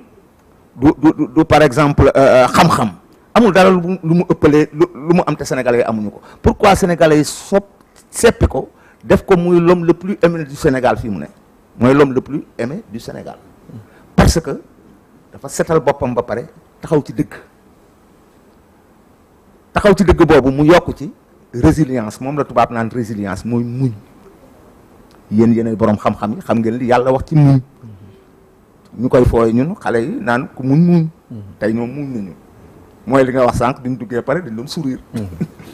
du du du par exemple euh, euh, xam-xam amul dara lu mu ëppalee lu mu am te sénégalais yi amuñu ko pourquoi sénégalais yi sopp seppi ko def ko muy l'homme le plus aimé du Sénégal fii mu ne mooy l'homme le plus aimé du Sénégal parce que dafa setal boppam ba pare taxaw ci dëgg taxaw ci dëgg boobu mu yokk ci résilience moom la tubaab naan résilience mooy muñ yéen yéenay borom xam-xam yi xam ngeen li yàlla wax ci muñ ñu koy fooy ñun xale yi naan ku muñ muñ mm-hmm. tey ñoom muñ nañu mooy li nga wax sànq duñ duggee pare dañ doon sourire. Mhm.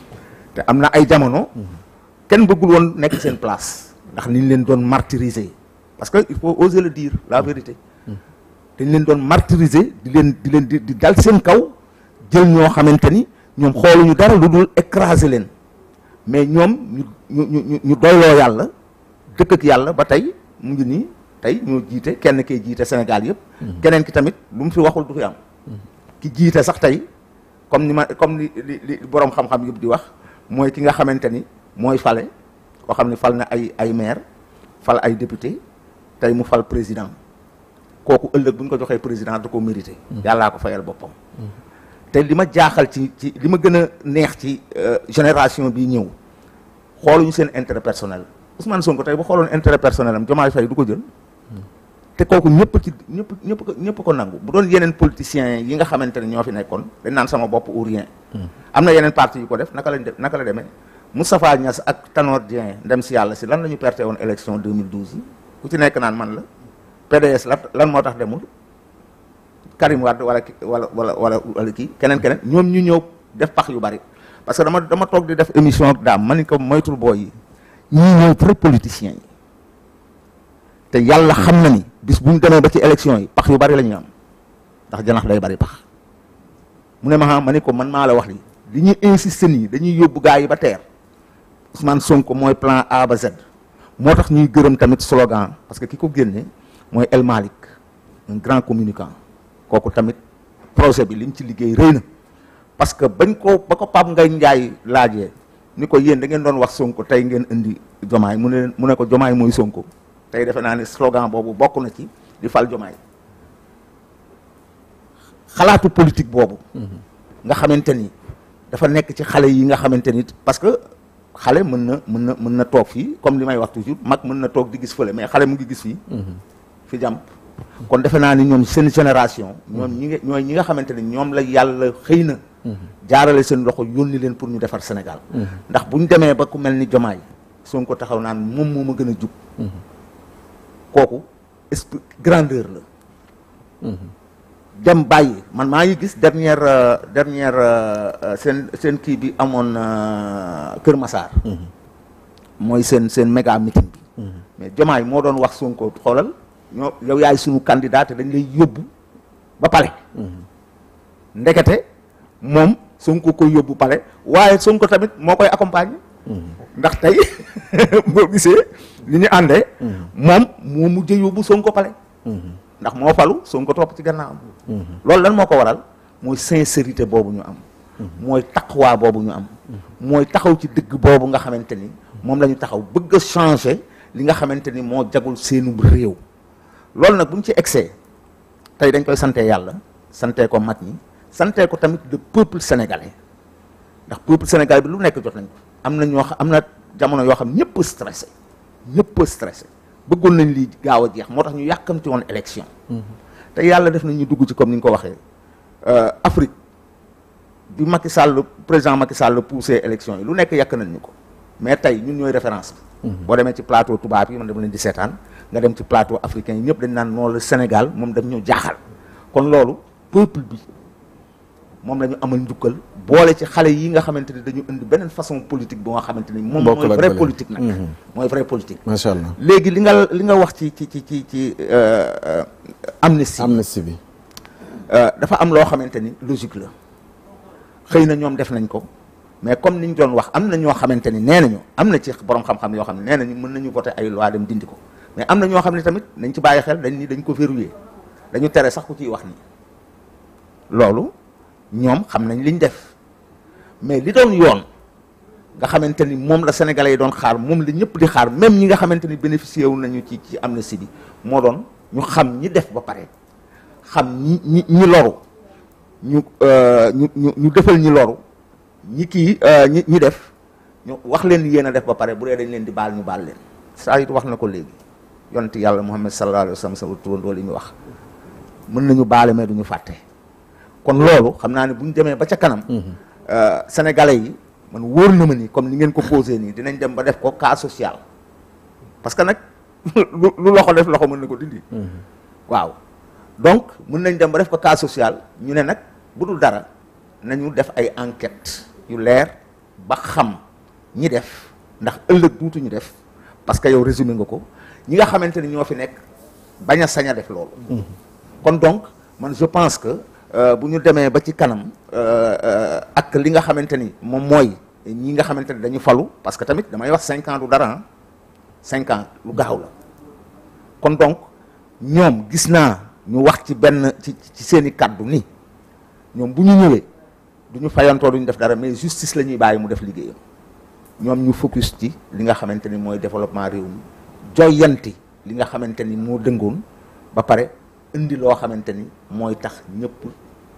te am na ay jamono. Mhm. kenn bëggul woon nekk seen place. ndax ni leen doon martyriser parce que il faut oser le dire la vérité. Mhm. dañ leen doon martyriser di leen di di dal seen kaw jël ñoo xamante ni ñoom xooluñu dara lu dul écraser leen mais ñoom ñu ñu ñu ñu doyloo yàlla dëkk yàlla ba tey mu ngi nii tey ñoo jiite kenn kay jiite Sénégal yëpp. keneen ki tamit lu mu fi waxul du fi am. ki jiite sax tey. comme ni comme ni borom xam-xam yëpp di wax mooy ki nga xamante ni mooy fale koo xam fal na ay ay maire fal ay député tay mu fal président kooku ëllëg buñ ko joxé président da ko mérité. Mm. yalla ko fayal bopam mm. te li jaaxal ci ci li ma neex ci euh, génération bi ñëw xooluñu seen intérêt personnel Ousmane Sonko tay bu xolone intérêt personnel am Diomaye Faye du ko jël. te kooku ñëpp ci ñëpp ñëpp ko ñëpp ko nangu bu doon yeneen politiciens yi nga xamante ne ñoo fi nekkoon dañ naan sama bopp ou hmm. am na yeneen parti yu ko def naka lañ def naka la deme Moustapha ñas ak Tanor Dieng dem si yàlla si lan la ñu perte woon élection 2012 yi ku ci nekk naan man la PDS la lan moo tax demul Karim Wade wala wala wala wala kii keneen keneen ñoom ñu ñëw def pax yu bari parce que dama dama toog di def émission ak daam ma ni ko moytul booy yi ñii ñëw pour politiciens te yàlla xam na bis bu mu demee ba ci élection yi pax yu bari la ñu am ndax janax lay bari pax mu ne ma ah, ma ne ko man maa la wax li li ñuy insister nii dañuy yóbbu gaa yi ba teer Ousmane sonk mooy plan A ba Z moo tax ñuy gërëm tamit slogan parce que ki ko génne mooy El Malick un grand communicant kooku tamit projet bi li mu ci liggéey rëy na parce que bañ ko ba ko Pape ngay Ndiaye laajee ni ko yéen da ngeen doon wax sonk tey ngeen indi jomaay mu ne mu ne ko jomaay mooy Sonko. tey defe naa ne slogan boobu bokk na ci di fal jomaay xalaatu politique boobu mm-hmm. nga xamante ni dafa nekk ci xale yi nga xamante ni parce que xale mën na mën na mën na toog fii comme li may wax toujours mag mën na toog di gis fële mais xale mu ngi gis fii mm-hmm. fi jàmp kon defe naa ni ñoom seen génération ñoom ñi nga mm-hmm. ñi nga xamante ni ñoom la yàlla xëy na jaarale seen loxo yónni leen pour ñu defar Sénégal ndax bu demee ba ku mel ni jomaay Sonko taxaw naan moom moo kooku esprit grandeur la. dem bàyyi man maa ngi gis dernière euh, dernière euh, euh, seen seen kii bi amoon Kër Massar. mooy seen seen méga meeting bi. mais Diomaye moo doon wax Sonko xoolal ñoo yow yaay sunu candidat te dañ lay yóbbu ba pale. ndekete moom Sonko koy yóbbu pale waaye Sonko tamit moo koy accompagner. ndax tay boo gisé ni ñu àndee moom mu mujjee yobu sonko palé ndax mo falu sonko top ci gannaawam lool lan moko waral moy sincérité bobu ñu am moy taqwa bobu ñu am moy taxaw ci dëgg bobu nga xamanteni mom lañu taxaw bëgg changer li nga xamanteni mo jagul seenu réew lool nak buñ ci excès tay dañ koy santé yalla santé ko mag ñi ko tamit le peuple sénégalais ndax peuple sénégalais bi lu nekk jot nañ ko am na ñoo xam am na jamono yoo xam ñëpp stressé ñëpp stressé bëggoon nañ lii gaaw a jeex moo tax ñu yàkkamti woon élection mm-hmm. te yàlla def na ñu dugg ci comme ni nga ko waxee euh, Afrique bi Macky Sall président Macky Sall poussé élection yi lu nekk yàkk nañ ñu ko mais tey ñun ñooy référence bi mm-hmm. boo demee ci plateau tubaab yi man dama leen di seetaan nga dem ci plateau africain yi ñëpp dañ naan noonu la Sénégal moom daf ñoo jaaxal kon loolu peuple bi moom la ñu njukkal boole ci xale yi nga xamanteni dañu ënd benen façon politique bu nga xamanteni mom moy vrai politique nak moy vrai politique macha allah léegi li nga li nga wax ci ci ci ci euh amnesty amnesty bi euh dafa am lo xamanteni logique la xeyna ñom def nañ ko mais comme niñ doon wax amna ño xamanteni nenañu amna ci borom xam-xam yo xamni nenañu mën nañu voter ay loi dem dindi ko mais amna ño xamni tamit nañ ci baye xel dañ ni dañ ko verrouiller dañu tere sax ku ci wax ni lolu ñom xam nañ liñ def mais li doon yoon nga xamante ni moom la sénégalais yi doon xaar moom la ñëpp di xaar même ñi nga xamante ni bénéficié wu nañu ci ci am na si bi moo doon ñu xam ñi def ba pare xam ñi ñi ñi loru ñu euh, ñu ñu defal ñi loru ñi kii euh, ñi ñi def ñu wax leen yéen a def ba pare bu dee dañ leen di baal ñu baal leen saa it wax na ko léegi yont yàlla Muhammad sallallahu alayhi wa sallam turandoo li ñu wax mën nañu baale mais duñu fàtte kon loolu xam naa ne buñ demee ba ca kanam mm-hmm. Euh, sénégalais yi man wóor na ma nii comme ni ngeen ko posé nii dinañ dem ba def ko cas social parce que nag lu loxo def loxo mën na ko dindi. Mhm. waaw donc mën nañ dem ba def ko cas social ñu ne nag bu dul dara nañu def ay enquête yu leer ba xam ñi def ndax ëllëg duutuñu def parce que yow résumé nga ko ñi nga xamante ni ñoo fi nekk bañ a sañ a def loolu. Mhm. kon donc man je pense que euh, bu ñu demee ba ci kanam. ak li nga xamante ni moom mooy ñi nga xamante ni dañu falu parce que tamit damay wax cinq ans du dara cinq ans lu gaaw la kon donc ñoom gis naa ñu wax ci benn ci ci seen i kàddu ni ñoom bu ñu ñëwee du ñu fayantoo du def dara mais justice la ñuy bàyyi mu def liggéeyam ñoom ñu focus ci li nga xamante ni mooy développement réew mi joyanti li nga xamante ni moo dëngoon ba pare indi loo xamante ni mooy tax ñëpp.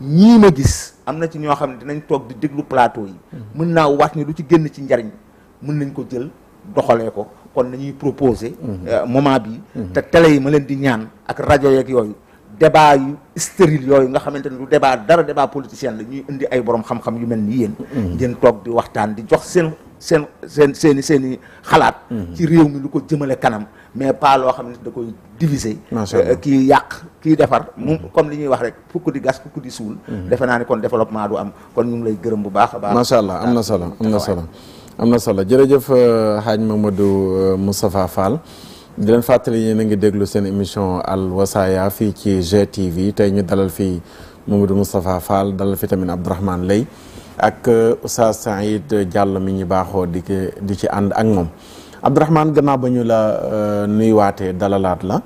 ñii ma gis am na ci ñoo xam ne dinañ toog di déglu plateau yi mën naa waat ni lu ci génn ci njariñ mën nañ ko jël doxalee ko kon nañuy proposer mm-hmm. euh, moment bi mm-hmm. te télé yi ma leen di ñaan ak rajo yeeg yooyu débat yu stérile yooyu nga xamante ne du débat dara débat politicien la ñuy indi ay borom xam-xam yu mel ni yéen. Mm-hmm. ngeen toog di waxtaan di jox seen seen seen seen i seen i xalaat. Mm-hmm. ci réew mi lu ko jëmale kanam mais pas loo xam ne da koy diviser. Euh, kii yàq kii defar. mu mm-hmm. comme li ñuy wax rek fukk di gas fukk di suul. defe naa ne kon développement du am kon ñu lay gërëm bu baax a baax. macha allah am na solo am na ah, solo am na solo jërëjëf euh, Hadj Mamadou euh, Moustapha Fall. leen fàttali yéen a ngi déglu seen émission Al fii ci GTV tey ñu dalal fi Mamadou Moustapha Fall dalal fi tamit Abdourahmane Lay ak euh, Oustaz Saïd jàll mi ñu baaxoo di di ci ànd ak moom Abdourahmane gannaaw ba ñu la euh, nuyuwaatee dalalaat la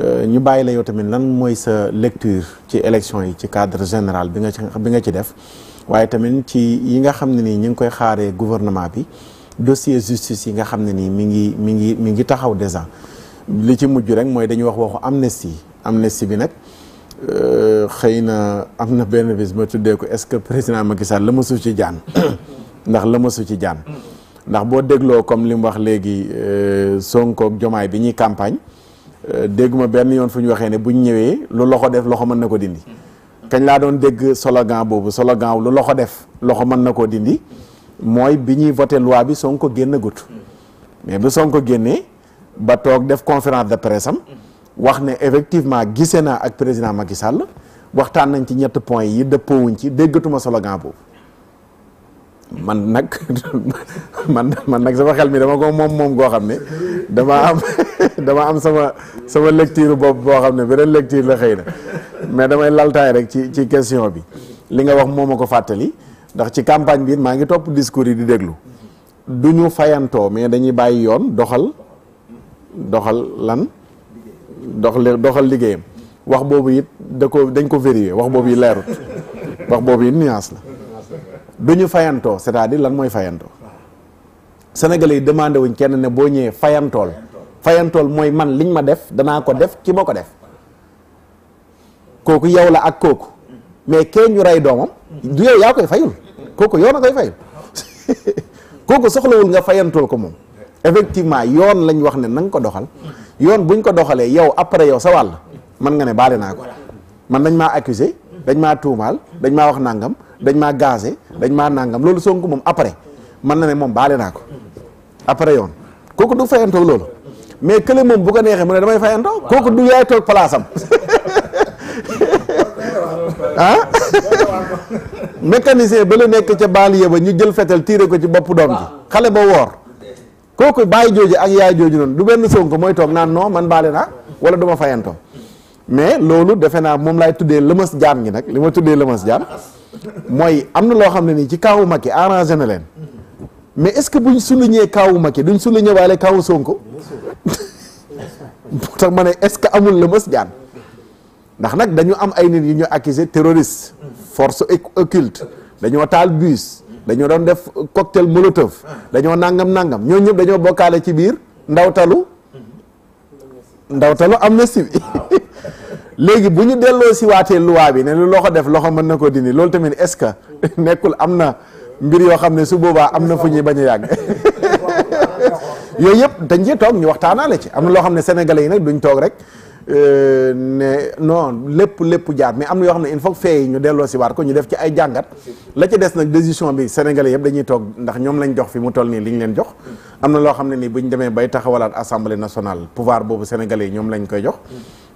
euh, ñu bàyyi la yow tamit lan mooy sa lecture ci élection yi ci cadre général bi nga ci bi nga ci def waaye tamit ci yi nga xam ne nii ñu ngi koy xaaree gouvernement bi dossier justice yi nga xam ne nii mi ngi mi ngi mi ngi taxaw déjà li ci mujj rek mooy dañuy wax waxu amnistie amnistie bi nag euh, xëy na am na benn bis ma tuddee ko est-ce que président Macky Sall la ma suuf ci jaan ndax la ma suuf ci jaan ndax boo dégloo comme li mu wax léegi euh, Sonko ak Jomaay bi ñuy campagne euh, dégguma benn yoon fu ñu waxee ne bu ñu ñëwee lu loxo def loxo mën na ko dindi. kañ laa doon dégg solo slogan boobu solo slogan lu loxo def loxo mën na koo dindi. mooy bi ñuy voté loi bi Sonko génn gut mais bi Sonko génnee ba toog def conférence de presse am wax ne effectivement gisee naa ak président Macky Sall waxtaan nañ ci ñett point yi dëppoowuñ ci déggatuma slogan boobu man nag man man nag sama xel mi dama ko moom moom goo xam ne dama am dama am sama sama lecture boobu boo xam ne beneen lecture la xëy na mais damay laltaay rek ci ci question bi li nga wax moom ma ko fàttali ndax ci campagne bi maa ngi topp discours yi di déglu du ñu fayantoo mais dañuy bàyyi yoon doxal doxal lan dox doxal liggéeyam wax boobu it da ko dañ ko vérifier wax boobu yi leerut wax boobu it nuance la du ñu fayantoo cest di lan mooy fayantoo sénégalais yi demandé wuñ kenn ne boo ñëwee fayantool fayantool mooy man liñ ma def danaa ko def ki ma ko def kooku yow la ak kooku mais kee ñu rey doomam du yow yaa koy fayul kooku yoon a koy fayal kooku soxlawul nga fayantul ko moom effectivement yoon lañ wax ne na ko doxal yoon buñ ko doxalee yow après yow sa wàll mën nga ne baale naa ko man dañ maa accusé dañ maa tuumaal dañ maa wax nangam dañ maa gazé dañ maa nangam loolu Sonko moom après mën na ne moom baale naa ko après yoon kooku du fayantoo loolu mais kële moom bu ko neexee mu ne damay fayantoo kooku du yaay toog place ah mécanicien ba la nekk ca baaliye ba ñu jël fetal tiire ko ci bopp doom ji xale ba woor kooku baay jooju ak yaay jooju noonu du benn sonko mooy toog naan non man baale naa wala duma fayantoo mais loolu defe naa moom laay tuddee lëmas jaan ngi nag li ma tuddee lëmas jaan mooy am na loo xam ne nii ci kaawu Macky arrangé na leen mais est-ce que buñ souligné kaawu Macky duñ souligné waale kaawu Sonko moo tax ma ne est-ce que amul lëmas jaan ndax nag dañu am ay nit yu ñu accusé terroriste force occulte dañoo taal bus dañoo doon def cocktail molotov dañoo nangam nangam ñoo ñëpp dañoo bokkaale ci biir ndawtalu ndawtalu na bi léegi bu ñu delloo si waatee loi bi ne lu loxo def loxo mën na ko dindi loolu tamit est-ce que nekkul am na mbir yoo xam ne su boobaa am na fu ñuy bañ a yàgg yooyu yëpp dañ cee toog ñu waxtaanaale ci am na loo xam ne sénégalais yi nag duñ toog rek ne non lépp lépp jaar mais am na yoo xam ne in faut que ñu delloo si waat ko ñu def ci ay jàngat la ci des nag décision bi sénégalais yëpp dañuy toog ndax ñoom lañ jox fi mu toll nii li ñu leen jox am na loo xam ne nii bu ñu demee bay taxawalaat assemblée nationale pouvoir boobu sénégalais yi ñoom lañ koy jox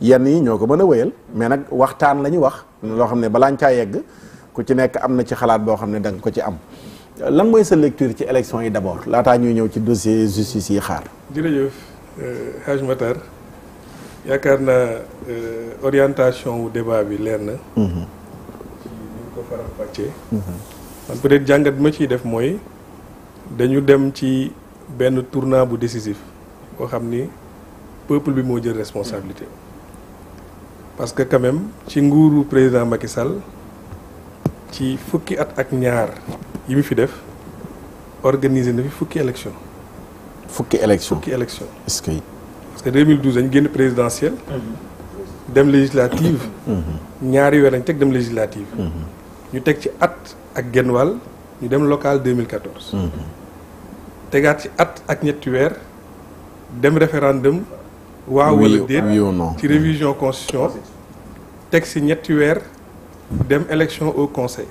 yenn yi ñoo ko mën a wéyal mais nag waxtaan la ñu wax loo xam ne balaañ caa yegg ku ci nekk am na ci xalaat boo xam ne da nga ko ci am lan mooy sa lecture ci élection yi d'abord laataa ñuy ñëw ci dossier justice yi xaar jërëjëf euh, Haj Matar yaakaar naa euh, orientation wu débat bi leer na. Mhm. ci ñu ko faram fàccee. Mhm. man peut-être jàngat ma ciy def mooy dañu dem ci benn tournant bu décisif boo xam ni peuple bi moo jël responsabilité. parce que quand même ci nguuru président Macky Sall ci fukki at ak ñaar yi mu fi def organiser na fi fukki élection. fukki élection fukki élection. est-ce que. C'est 2012 une génn présidentielle. Mhm. dem législative. Mhm. ñaari weer lañ tek dem législative. Mhm. ñu tek ci at ak genn ñu dem local 2014. tegaat ci at ak ñetti weer dem référendum. waaw wala déet ci révision constitution. tek ci ñetti weer dem élection au conseil.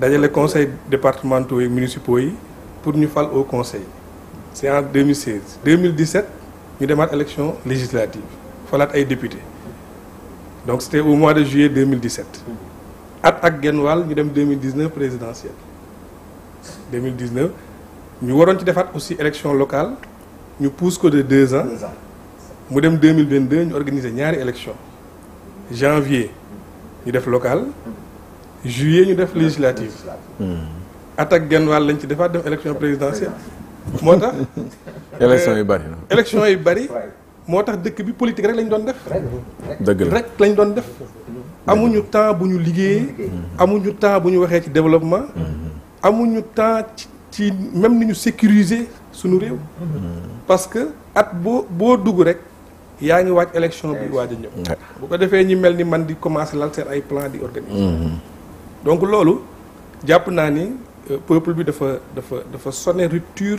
dajale conseil départementaux et municipaux yi pour ñu fal au conseil. c'est en 2016 2017 ñu demaat élection législative fallait ay député donc c'était au mois de juillet 2017 at ak genn ñu dem 2019 présidentielle 2019 Nous waroon ci defaat aussi élection locale ñu pousse ko de deux ans mu dem 2022 ñu organiser ñaari élection janvier ñu def locale juillet ñu def législative at ak genn wàll lañ ci defaat élection présidentielle moo tax élection yu bari na élection yi bari moo tax dëkk bi politique rek lañu doon def. dëgg rek lañ doon def. amuñu temps bu ñu liggéey. Mm-hmm. amuñu temps bu ñu waxee ci développement. Mm-hmm. amuñu temps ci ci même ni ñu sécuriser sunu réew. Mm-hmm. parce que at boo boo dugg rek yaa ngi wàcc élection bi waaj a ñëw. bu ko defee ñi mel ni man di commencer lal seen ay plan di organiser. donc loolu jàpp naa ni euh, peuple bi dafa dafa dafa sonné rupture.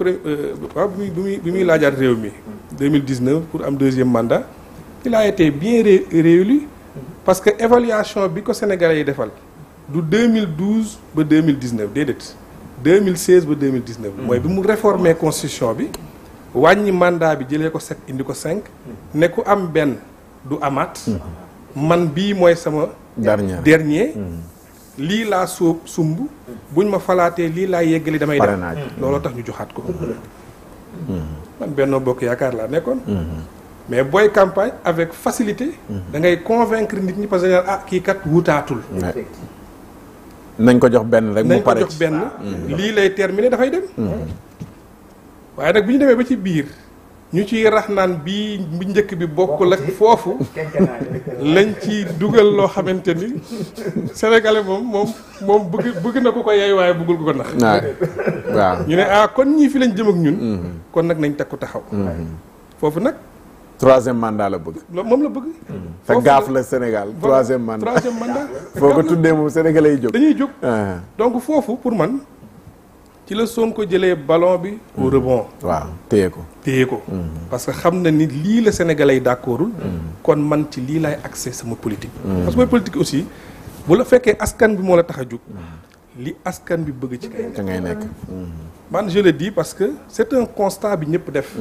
Euh, bi muy 2019 pour am deuxième mandat. il a été bien réélu parce que évaluation bi ko Sénégalais yi defal du 2012 ba 2019 déedéet 2016 ba 2019. mooy bi mu réformer constitution bi. wàññi mandat bi jëlee ko 7 indi ko 5 ne ku am benn du amaat. Mmh. man bii mooy sama. dernier. Mmh. lii laa sóob sumb buñ ma falaatee lii laa yeggali damay dem looloo tax ñu joxaat ko mm-hmm. Mm-hmm. man Bokk Yaakaar laa nekkoon mm-hmm. mais booy campagne avec facilité da ngay convaincre nit ñi parce que ah kii kat wutaatul nañ ko jox benn rek nañ ko jox benn lii lay terminer dafay dem waaye nag bi ñu demee ba ci biir ñu ci rax naan bii bu njëkk bi bokkul ak foofu lañ ci dugal loo xamante ni sénégalais moom moom moom bëgg bëgg na ko ko yey waaye bëggul ko ko nax waaw ñu ne ah kon ñii fi lañ jëm ak ñun mm-hmm. kon nag nañ takku taxaw mm-hmm. foofu nag troisième mandat la bëgg. moom la bëgg. te mm-hmm. gaaf la Sénégal troisième mandat. troisième mandat. foo ko tuddee moom sénégalais yi jóg. dañuy jóg uh-huh. donc foofu pour man. ci la ko jëlee ballon bi au mm. rebond. waaw téye ko téye ko. Mm. parce que xamna ni li le sénégalais d'accordul mm. kon man ci li lay accès sama politique. parce que mooy politique aussi bu la féké askan bi mo la tax a li askan bi bëgg ci kay. ngay nek man je le dis parce que c'est un constat bi ñëpp def.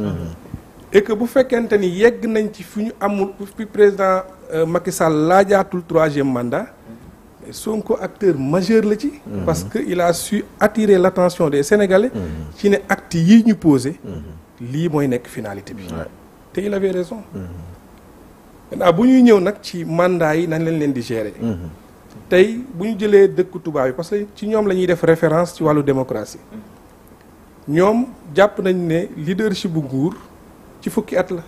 et que bu fekkente ni yegg nañ ci fuñu amul fi président euh, Macky Sall la jaatul 3e mandat. Sonko acteur majeur la ci. Mhm. parce que il a su attirer l'attention des sénégalais. Mhm. ci ne acte yi ñu posé. Mhm. li moy nek finalité bi. te il avait raison. na bu ñuy ñëw nak ci mandat yi nañ leen leen di gérer. tey bu ñu jëlee dëkku parce que ci ñom la def référence ci walu démocratie. ñom japp nañ né leadership bu nguur ci fukki at la.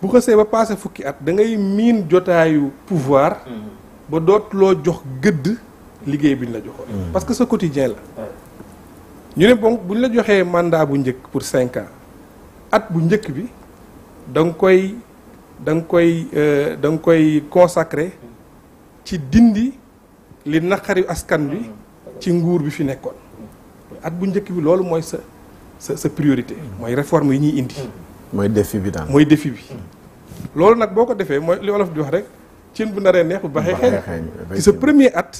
bu sé ba passé fukki at da ngay miin jotaayu pouvoir. ba dootuloo jox gëdd liggéey bi ñu la joxoon. Mm. parce que sa quotidien la. ñu ne bon bu ñu la joxee mandat bu njëkk pour cinq ans at bu njëkk bi da nga koy da nga koy euh, da nga koy consacré ci dindi li naqari askan bi mm. ci nguur bi fi nekkoon mm. at bu njëkk bi loolu mooy sa sa sa priorité. mooy réforme yi ñuy indi. mooy défi bi daal mooy défi bi. loolu nag boo ko defee mooy li wolof di wax rek. cin bu naree neex bu baaxee xeeñ ci sa premier at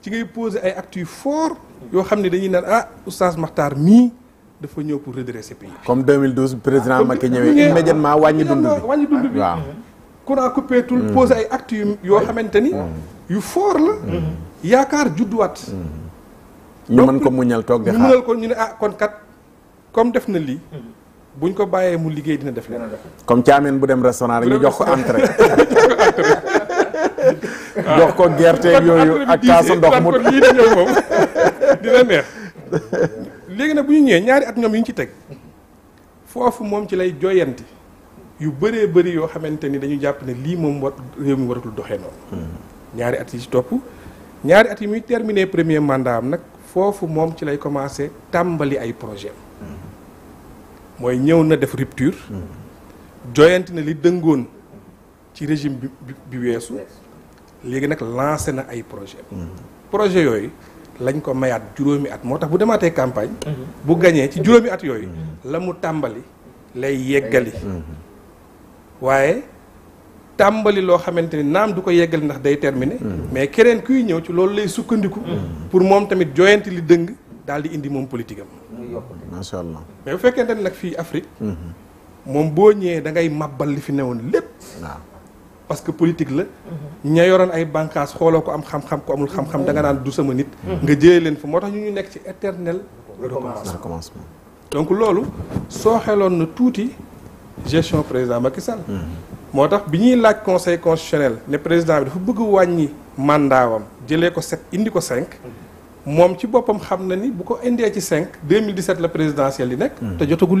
ci ngay poser ay actes yu fort yoo xam ne dañuy naan ah oustaz Makhtar mii dafa ñëw pour redresser pays bi comme 2012 président ah, Macky ñëwee immédiatement wàññi dund bi wàññi dund bi waaw courant coupé tout hmm. poser ay actes yu yoo hmm. xamante ni hmm. yu foor la yaakaar judduwaat ñu mën ko muñal toog di xaar ko ñu ne ah kon comme def na lii buñ ko bàyyee mu liggéey dina def leneen comme caamen bu dem restaurant rek ñu jox ko entrée jox ko gerte yooyu ak kaasu ndox mu lii di moom dina neex léegi nag bu ñu ñëwee ñaari at ñoom yi ñu ci teg foofu moom ci lay joyanti yu bëree bëri yoo xamante ni dañu jàpp ne lii moom war réew mi waratul doxee noonu hmm. ñaari at yi ci topp ñaari at yi muy terminé premier mandat am nag foofu moom ci lay commencé tàmbali ay projet hmm. mooy ñëw na def rupture hmm. joyanti na li dëngoon ci régime bi bi weesu léegi nag lancé na ay projet projet yooyu lañ ko mayaat juróomi at moo tax bu demaatee campagne mhm. bu gañee ci juróomi at yooyu mhm. la mu tàmbali lay yeggali mhm. waaye tàmbali loo xamante ni naam du ko yeggali ndax day terminé mais keneen kuy ñëw ci loolu lay sukkandiku pour moom tamit joyanti li dëng daal di indi moom politique am macha allah mais bu fekkente ni nag fii Afrique moom boo ñëwee da ngay màbbal li fi newoon lépp parce que politique la ay ko am xam-xam ko amul xam-xam da nga du donc gestion président Macky Sall conseil constitutionnel né président bi dafa bëgg mandawam jëlé ko 7 indi ko ci xam 2017 la présidentielle li te jotagul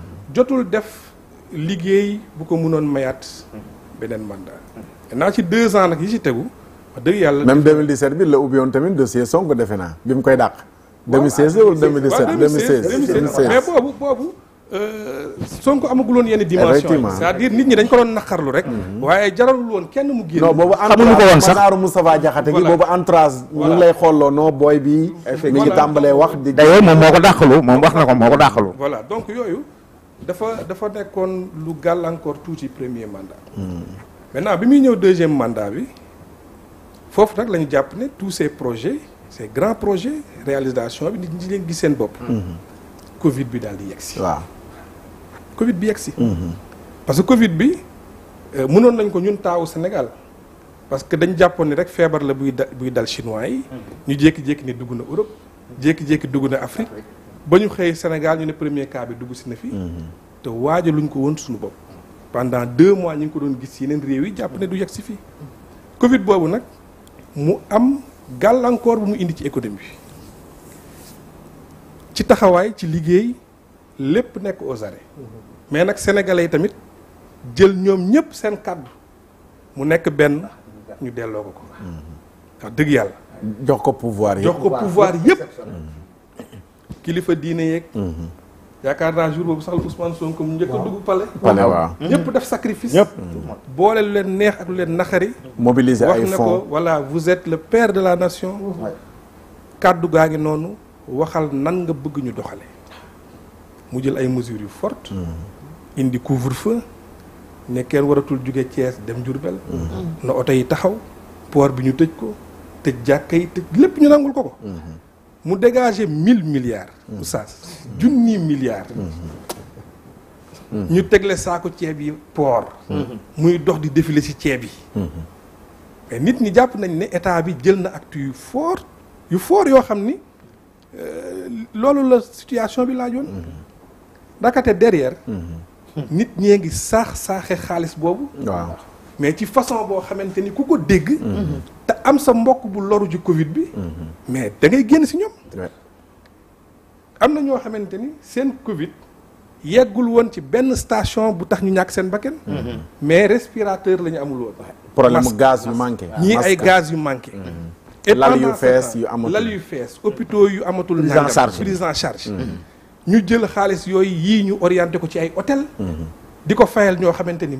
jotul def liggéey bu ko mënoon mayaat beneen mandat maintenant ci deux ans nag yi ci tegu wax dëgg yàlla même 2017 bi la ubbi woon tamit dossier Sonko defe naa bi mu koy dàq 2016 la wala 2017 2016 mais boobu boobu euh, Sonko amaguloon yenn dimension c'est-à-dire nit ñi dañ ko doon naqarlu rek mhm. waaye jaralul woon kenn mu génn non boobu xamuñu ko woon sax Manaaru Moustapha Diakhaté gi boobu entourage ñu lay xooloo noo booy bi mi ngi tàmbalee wax di dayoo moom moo ko dàqalu moom wax na ko moo ko dàqalu voilà donc yooyu dafa dafa nekkoon lu tout tuuti premier mandat. Hmm. maintenant bi muy ñëw deuxième mandat bi foofu nag lañu ñu jàpp ne tous ces projets ces grands projets réalisation bi nit ñi leen gis seen bopp. Hmm. Covid bi daal di yegg si. waaw Covid bi yegg si. Hmm. parce que Covid bi euh, mënoon nañ ko ñun taawu Sénégal parce que dañ jàppoon ni rek feebar la buy buy dal chinois yi. ñu jékki-jékki ne dugg na Europe jékki-jékki dugg na Afrique. Bonjour, Sénégal ñu ne premier cas de dugg na mhm. pendant deux mois on a ko doon gis yeneen du Covid 19 mu am encore bu mu indi ci économie ci ci liggéey aux arrêts. Mhm. mais les sénégalais tamit jël cadres. mu pouvoir pouvoir kilifa diine yeeg. Mhm. yaakaar naa jour boobu sax la Ousmane Sonko mu njëkk a dugg Palais. Palais waaw ñëpp def sacrifice. ñëpp boole lu leen neex ak lu leen naxari. mobiliser ay fonds wax na ko de la nation. kàddu gaa ngi noonu waxal nan nga bëgg ñu mu jël ay mesures yu mhm. indi couvre-feu. ne kenn waratul jóge Thiès dem Diourbel. Mhm. na oto yi taxaw. port bi ñu tëj ko tëj jàkka yi tëj lépp ñu nangul ko ko. mu dégager 1000 milliards. Mmh. oustaz junni milliards. Mmh. Mmh. ñu tegle ko ceeb yi port. muy dox di défilé ci ceeb yi. mais nit ñi japp nañ né état bi jël na acte yu fort yu fort yo xamni ni euh, loolu la situation bi la laajoon. dakate derrière. nit ñi ngi sax saxé xaliss bobu waaw. mais ci façon boo xamante ni ku ko dégg. te am sa mbokk bu loru ci Covid bi. mais da ngay génn si ñoom. am na ñoo xamante ni seen Covid yeggul woon ci benn station bu tax ñu ñàkk seen bakkan. mais respirateur la ñu amul woon. problème gaz yu manqué. ñii ay gaz yu manqué. Mm-hmm. lal yu fees yu amatul lal yu fees hôpitaux yu amatul. prise en charge prise en charge. Mm-hmm. ñu jël xaalis yooyu yii ñu orienté ko ci ay hôtel. Mm-hmm. di ko fayal ñoo xamante ni.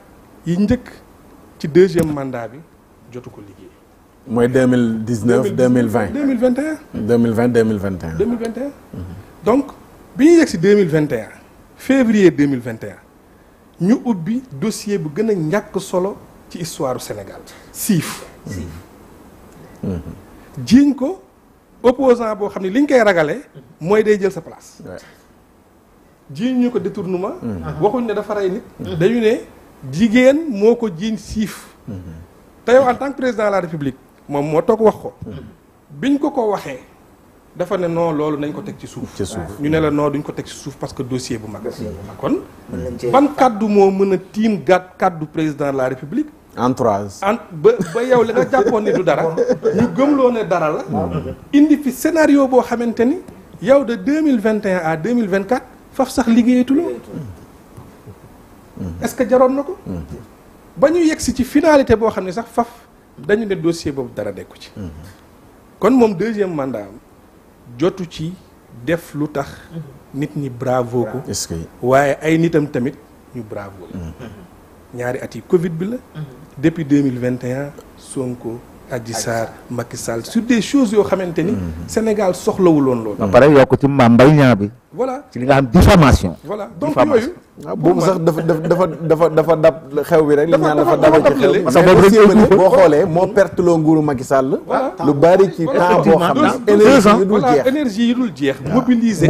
indique le deuxième mandat de Djotou Koligé. Moi, 2019-2020. 2021. 2021. 2021. Donc, -hmm. Donc, si 2021, février 2021, nous avons dossier qui est solo histoire du Sénégal. SIF. Djinko, mmh. opposant à ce qui est sa place. Djinko, détournement, nous avons dit que nous avons je suis sif tay en tant que président de la république mom moo wax ko mhm. biñ ko ko waxé dafa non lolu nañ ko tek ci souf ñu né la non duñ parce que dossier bu mag kon ban mo meuna président de la république entourage en ba ba yow li nga japon ni du dara ñu lo né dara la indi fi scénario bo un de 2021 à 2024 faf sax liggéeyatuloo est-ce que jaroon na ko. ba ñu yegg si ci finalité boo xam ne sax faf dañu ne dossier boobu dara nekku ci. kon moom deuxième mandat am jotu ci def lu tax. nit ñi bravo ko. est-ce waaye ay nitam tamit ñu bravo la. Mm-hmm. ñaari at yi Covid bi la. Mm-hmm. depuis deux mille vingt et Sonko. Adissar, Macky sur des choses mhm. Sénégal sort voilà diffamation. voilà donc énergie mobiliser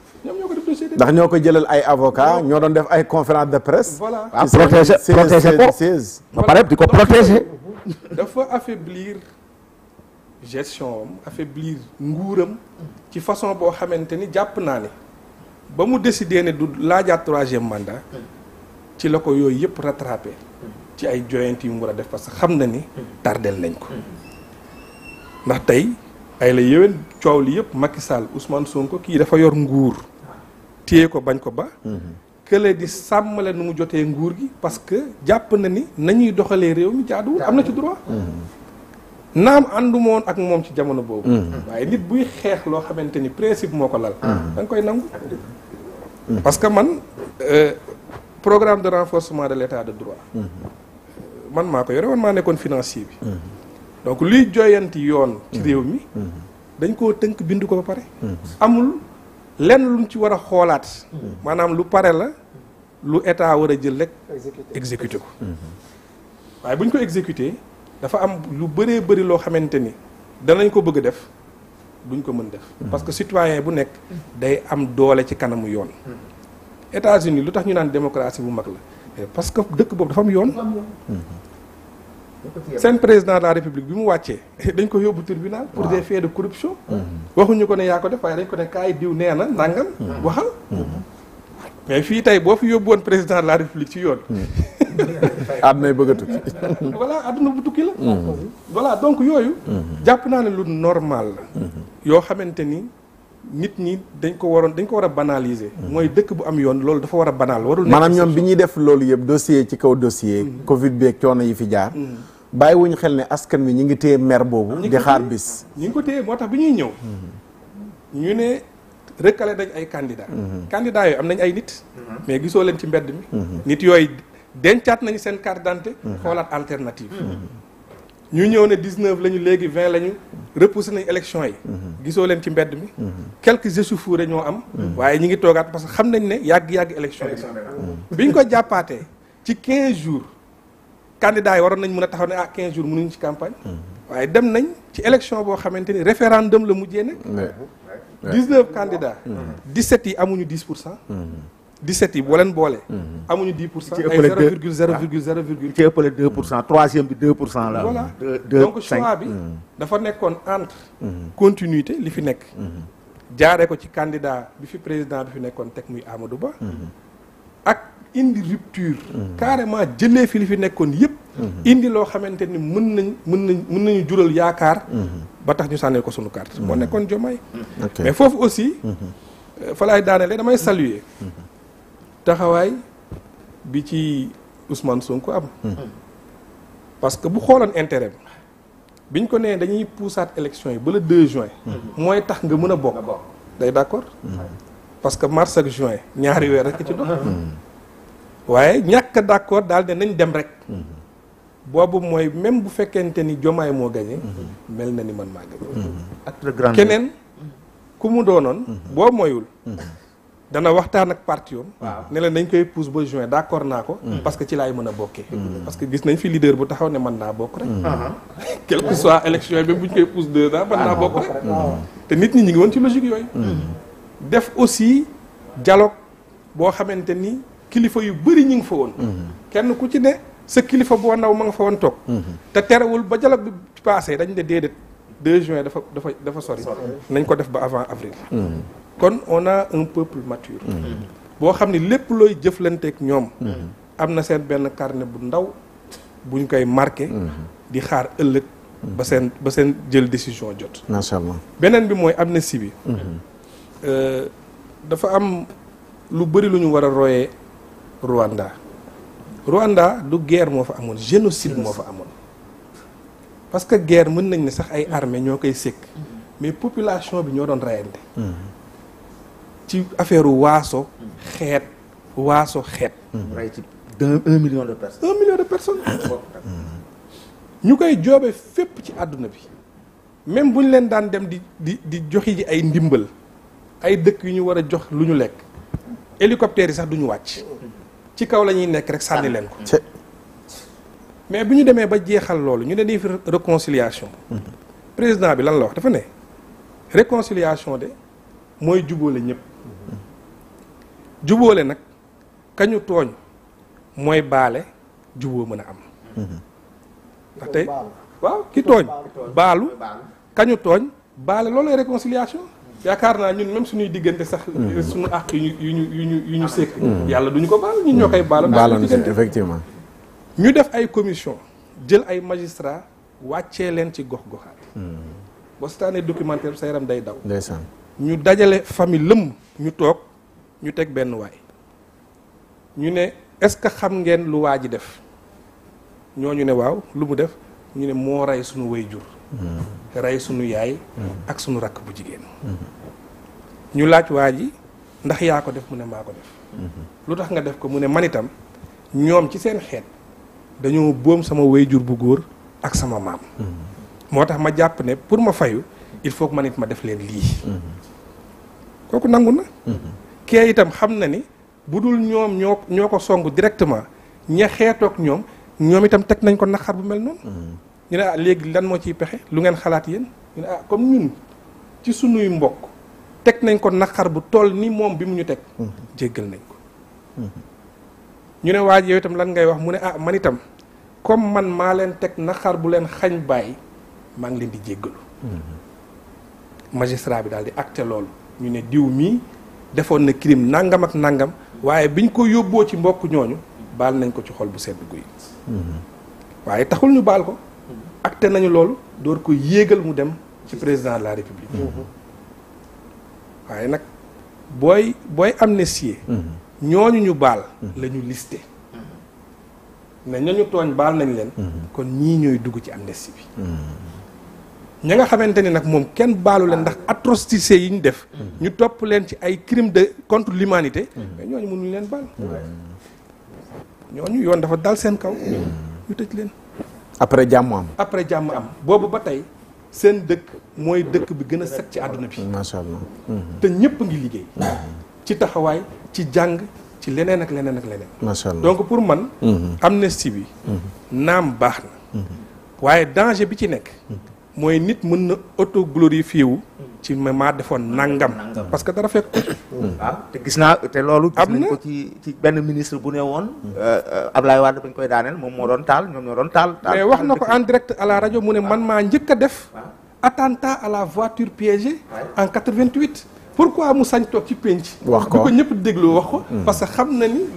ñoom ndax ñoo ko jëlal ay avocat ñoo doon def ay conférence de presse. voilà ah protéger protéger ko ba pare di ko protéger. dafa affaiblir gestion am affaiblir nguuram ci façon boo xamante ni jàpp naa ne ba mu décidé ne du laajaat troisième mandat ci la ko yooyu yëpp rattrapé ci ay joyante yu war a def parce que xam na ni tardel nañ ko ndax tey ay la yéwén coow li yëpp Macky Sall Ousmane Sonko kii dafa yor nguur. tiyé ko bañ ko ba di samalé nu mu joté nguur gi parce que japp na ni nañuy doxalé réew mi Nam amna ci droit naam àndumoon ak mom ci jamono bobu waye nit buy xex lo xamanteni principe moko ko lal dang koy nangu parce que man euh, programme de renforcement de l'état de droit man mako yoré yore ma maa financier bi donc li joyanti yoon ci réew mi dañ ko teunk bindu ko ba pare amul lenn lu mu ci war a xoolaat hmm. maanaam lu pare la lu état war a jël rek exécuté ko hmm. waaye bu ñu ko exécuté dafa am lu bëree bëri loo xamante ni danañ ko bëgg def duñ ko mën def hmm. parce que citoyen bu nekk day am doole ci kanamu yoon États-Unis lu tax ñu naan démocratie bu mag la parce que dëkk boobu dafa am yoon seen président de la république bi mu wàccee dañ ko yóbbu tribunal pour des faits de corruption mm-hmm. waxuñu ko ne yaa ko def waaye dañ ko ne kaay diw nee na nangam mm-hmm. waxal mm-hmm. mais fii tey boo fi yóbbu woon président de la république ci yoon àdduna bëgg a tukki voilà àdduna bu tukki la voilà donc yooyu jàpp naa ne lu normal la yoo xamante ni nit ñi dañ ko waroon dañ ko war a banaliser. mooy dëkk bu am yoon loolu dafa war a warul maanaam ñoom bi ñuy def loolu yëpp dossier ci kaw dossier covid beeg coono yi fi jaar bàyyi wuñ xel ne askan wi ñu ngi téye mer boobu. di xaar bis ñu ngi ko téye moo tax bi ñuy ñëw. Mhm. ñu ne recalé dañ ay candidats. Mhm. candidats yooyu am nañ ay nit. Mhm. mais gisoo leen ci mbedd mi. nit yooyu dencaat nañu seen carte d'identité. xoolaat alternative. ñu ñëw ne 19 lañu léegi 20 lañu repoussé nañu élection yi. gisoo leen ci mbedd mi. quelques échauffourées ñoo am. waaye ñu ngi toogaat parce que xam nañ ne yàgg yàgg élection yi. biñ ko jàppaate ci 15 jours. candidats yi waroon nañ mën taxaw né ah 15 jours mënuñ ci campagne. waye dem nañ ci élection bo xamante référendum la mujjé né 19 candidats. 17 yi amuñu 10 17 yi boo leen boole. amuñu 10 pour cent ay ah. ci ëppale 2 3e bi 2 la. voilà donc choix bi. Mm. dafa nekkoon entre. Mm. continuité li fi nekk. Mm. jaaree ko ci candidat bi fi président bi fi nekkoon teg muy Amadou Ba. ak. indi rupture. Mm. carrément jëlee fi li fi nekkoon yëpp. Mm-hmm. indi loo xamante ni mën nañ mën nañ mën nañu jural yaakaar. Mm-hmm. ba tax ñu sànnee ko sunu carte. moo mm-hmm. nekkoon Diomaye. mais foofu aussi. falaay laay damay saluer. taxawaay bi ci Ousmane ko am. parce que bu xooloon intérêt biñ ko nee dañuy puusaat élection yi ba le 2 juin. mooy tax nga mën a bokk. day d'accord. parce que mars ak juin ñaari weer rek ci dox. waaye ñàkk d' accord daal ne nañ dem rek. boobu mooy même bu fekkente ni jomaay moo gagné. mel na ni man maa gagné. acte de grandeur keneen ku mu doonoon. Mhm. boo moyul. Mhm. dana waxtaan ak parti yoon. ne leen dañ koy pouse ba juin d' accord naa ko. Mhm. parce que ci laay mën a bokkee. parce que gis nañ fi bu taxaw ne mën naa bokk rek. Uh-huh. quel que soit élection yi même bu ñu koy pousse deux ans mën ah, naa bokk rek. Ah. te nit ñi ñu ngi woon ci logique yooyu. def aussi dialogue boo xamante ni. kilifa yu bëri ñing fa won mhm. kenn ku ci ne sa kilifa bu ndaw ma nga fa won tok mhm. ta terewul ba jala bi passé dañ ne déedéet 2 juin dafa dafa dafa sori. nañ ko def ba avant avril. Mhm. kon on a un peuple mature. bo xamni lepp loy looy ak ñom amna na seen benn carnet bu ndaw buñ koy marqué. di xaar ëlëk ba seen ba seen jël décision jot. macha allah beneen bi amna amnistie euh dafa am lu bëri lu ñu war a royee. Rwanda Rwanda du guerre moo fa génocide moo fa parce que guerre mon nañ ne sax ay armée ñoo kay sëkk mais population bi ñoo don rayante ci affaire waaso xeet waaso xeet ci un million de personnes un million de personnes ñu koy joobe fait ci àdduna bi même bu l'en dan dem di di di joxi ji ay ndimbal ay dëkk yu ñu wara jox hélicoptère yi sax du ñu ci kaw la ñuy nekk rek sànni leen ko mais bu ñu demee ba jeexal loolu ñu ne nii fi réconciliation mm-hmm. président bi lan la wax dafa ne réconciliation de mooy jubóole ñëpp mm-hmm. jubóole nag kañu tooñ mooy baale juboo mën a am mm-hmm. ndax tey ki tooñ baalu kañu tooñ baale loolu réconciliation yaakaar naa ñun même suñuy diggante sax. Mhm. suñu àq yu ñu yu ñu yu ñu yu ñu ah. sekk. Mhm. yàlla duñu ko baal ñun ñoo koy baal. baaloon effectivement ñu def ay commission jël ay magistrats wàccee leen ci gox goxaat. Mhm. bostaanee seetaanee documentaire sa yaram day daw. ndeysaan ñu dajale famille lëmm ñu toog ñu teg benn waay. ñu ne est-ce que xam ngeen lu waa ji def ñoo ñu ne waaw lu mu def ñu ne moo rey suñu way wayjur rey suñu yaay ak suñu rakk bu jigéen ñu laaj waa yi ndax yaa ko def mu ne maa ko def lu tax nga def ko mu ne man ñoom ci seen xeet dañoo boom sama weyjur bu góor ak sama maam moo tax ma jàpp ne pour ma fayu il faut que man ma def leen lii kooku nangu na ke itam xam na ni bu dul ñoom ñoo ñoo ko song directement ña xeetoog ñoom ñoom itam teg nañ ko naqar bu mel noonu ñu ne ah léegi lan moo ciy pexe lu ngeen xalaat yéen ñu ne ah comme ñun ci suñuy mbokk teg nañ ko naqar bu toll nii moom bi mu ñu teg mhm. jéggal nañ ko mhm. ñu ne waaj yow itam lan ngay wax mu ne ah man itam comme man maa leen teg naqar bu leen xañ bàyyi maa ngi leen di jéggalu mhm. magistrat bi daal di acté loolu ñu ne diw mii defoon na crime nangam ak nangam waaye biñ ko yóbboo ci mbokk ñooñu baal nañ ko ci xol bu sedd guy waaye taxul ñu baal ko acte nañu loolu door ko yéegal mu dem ci président de la république mhm. waaye nag booy booy amnistier mhm. ñooñu ñu baal mhm. la ñu listé ne ñu tooñ baal nañ leen kon ñii ñooy dugg ci amnistie bi ña nga xamante ni nag moom kenn baalu leen ndax atrocité yi ñu def ñu topp leen ci ay crime de contre l'humanité mais ñooñu mënuñu leen baal ñooñu yoon dafa dal seen kaw ñu tëj leen après jàmm am. après jàmm am boobu ba tey seen dëkk mooy dëkk bi gën a set ci àdduna bi. macha mhm. te ñëpp ngi liggéey. Mhm. ci taxawaay ci jàng ci leneen ak leneen ak leneen. macha donc pour man. Mhm. amnistie bi. naam baax na. waaye danger bi ci nekk. mooy nit mën na auto glorifié wu. ci ma maa defoon nangam. parce que dara fekk ah, te gis naa te loolu. am na ko ci ci benn ministre bu ne woon. Euh, Ablaye Wade bañ koy daaneel moom moo doon taal ñoom ñoo doon taal. mais wax na ko en direct à la rajo mu ne ah. man maa njëkk a def. Ah. attentat à la voiture piégée. en 88. pourquoi mu sañ toog ci penc. wax ko bi ko ñëpp déglu wax ko. Hmm. parce que xam na ni.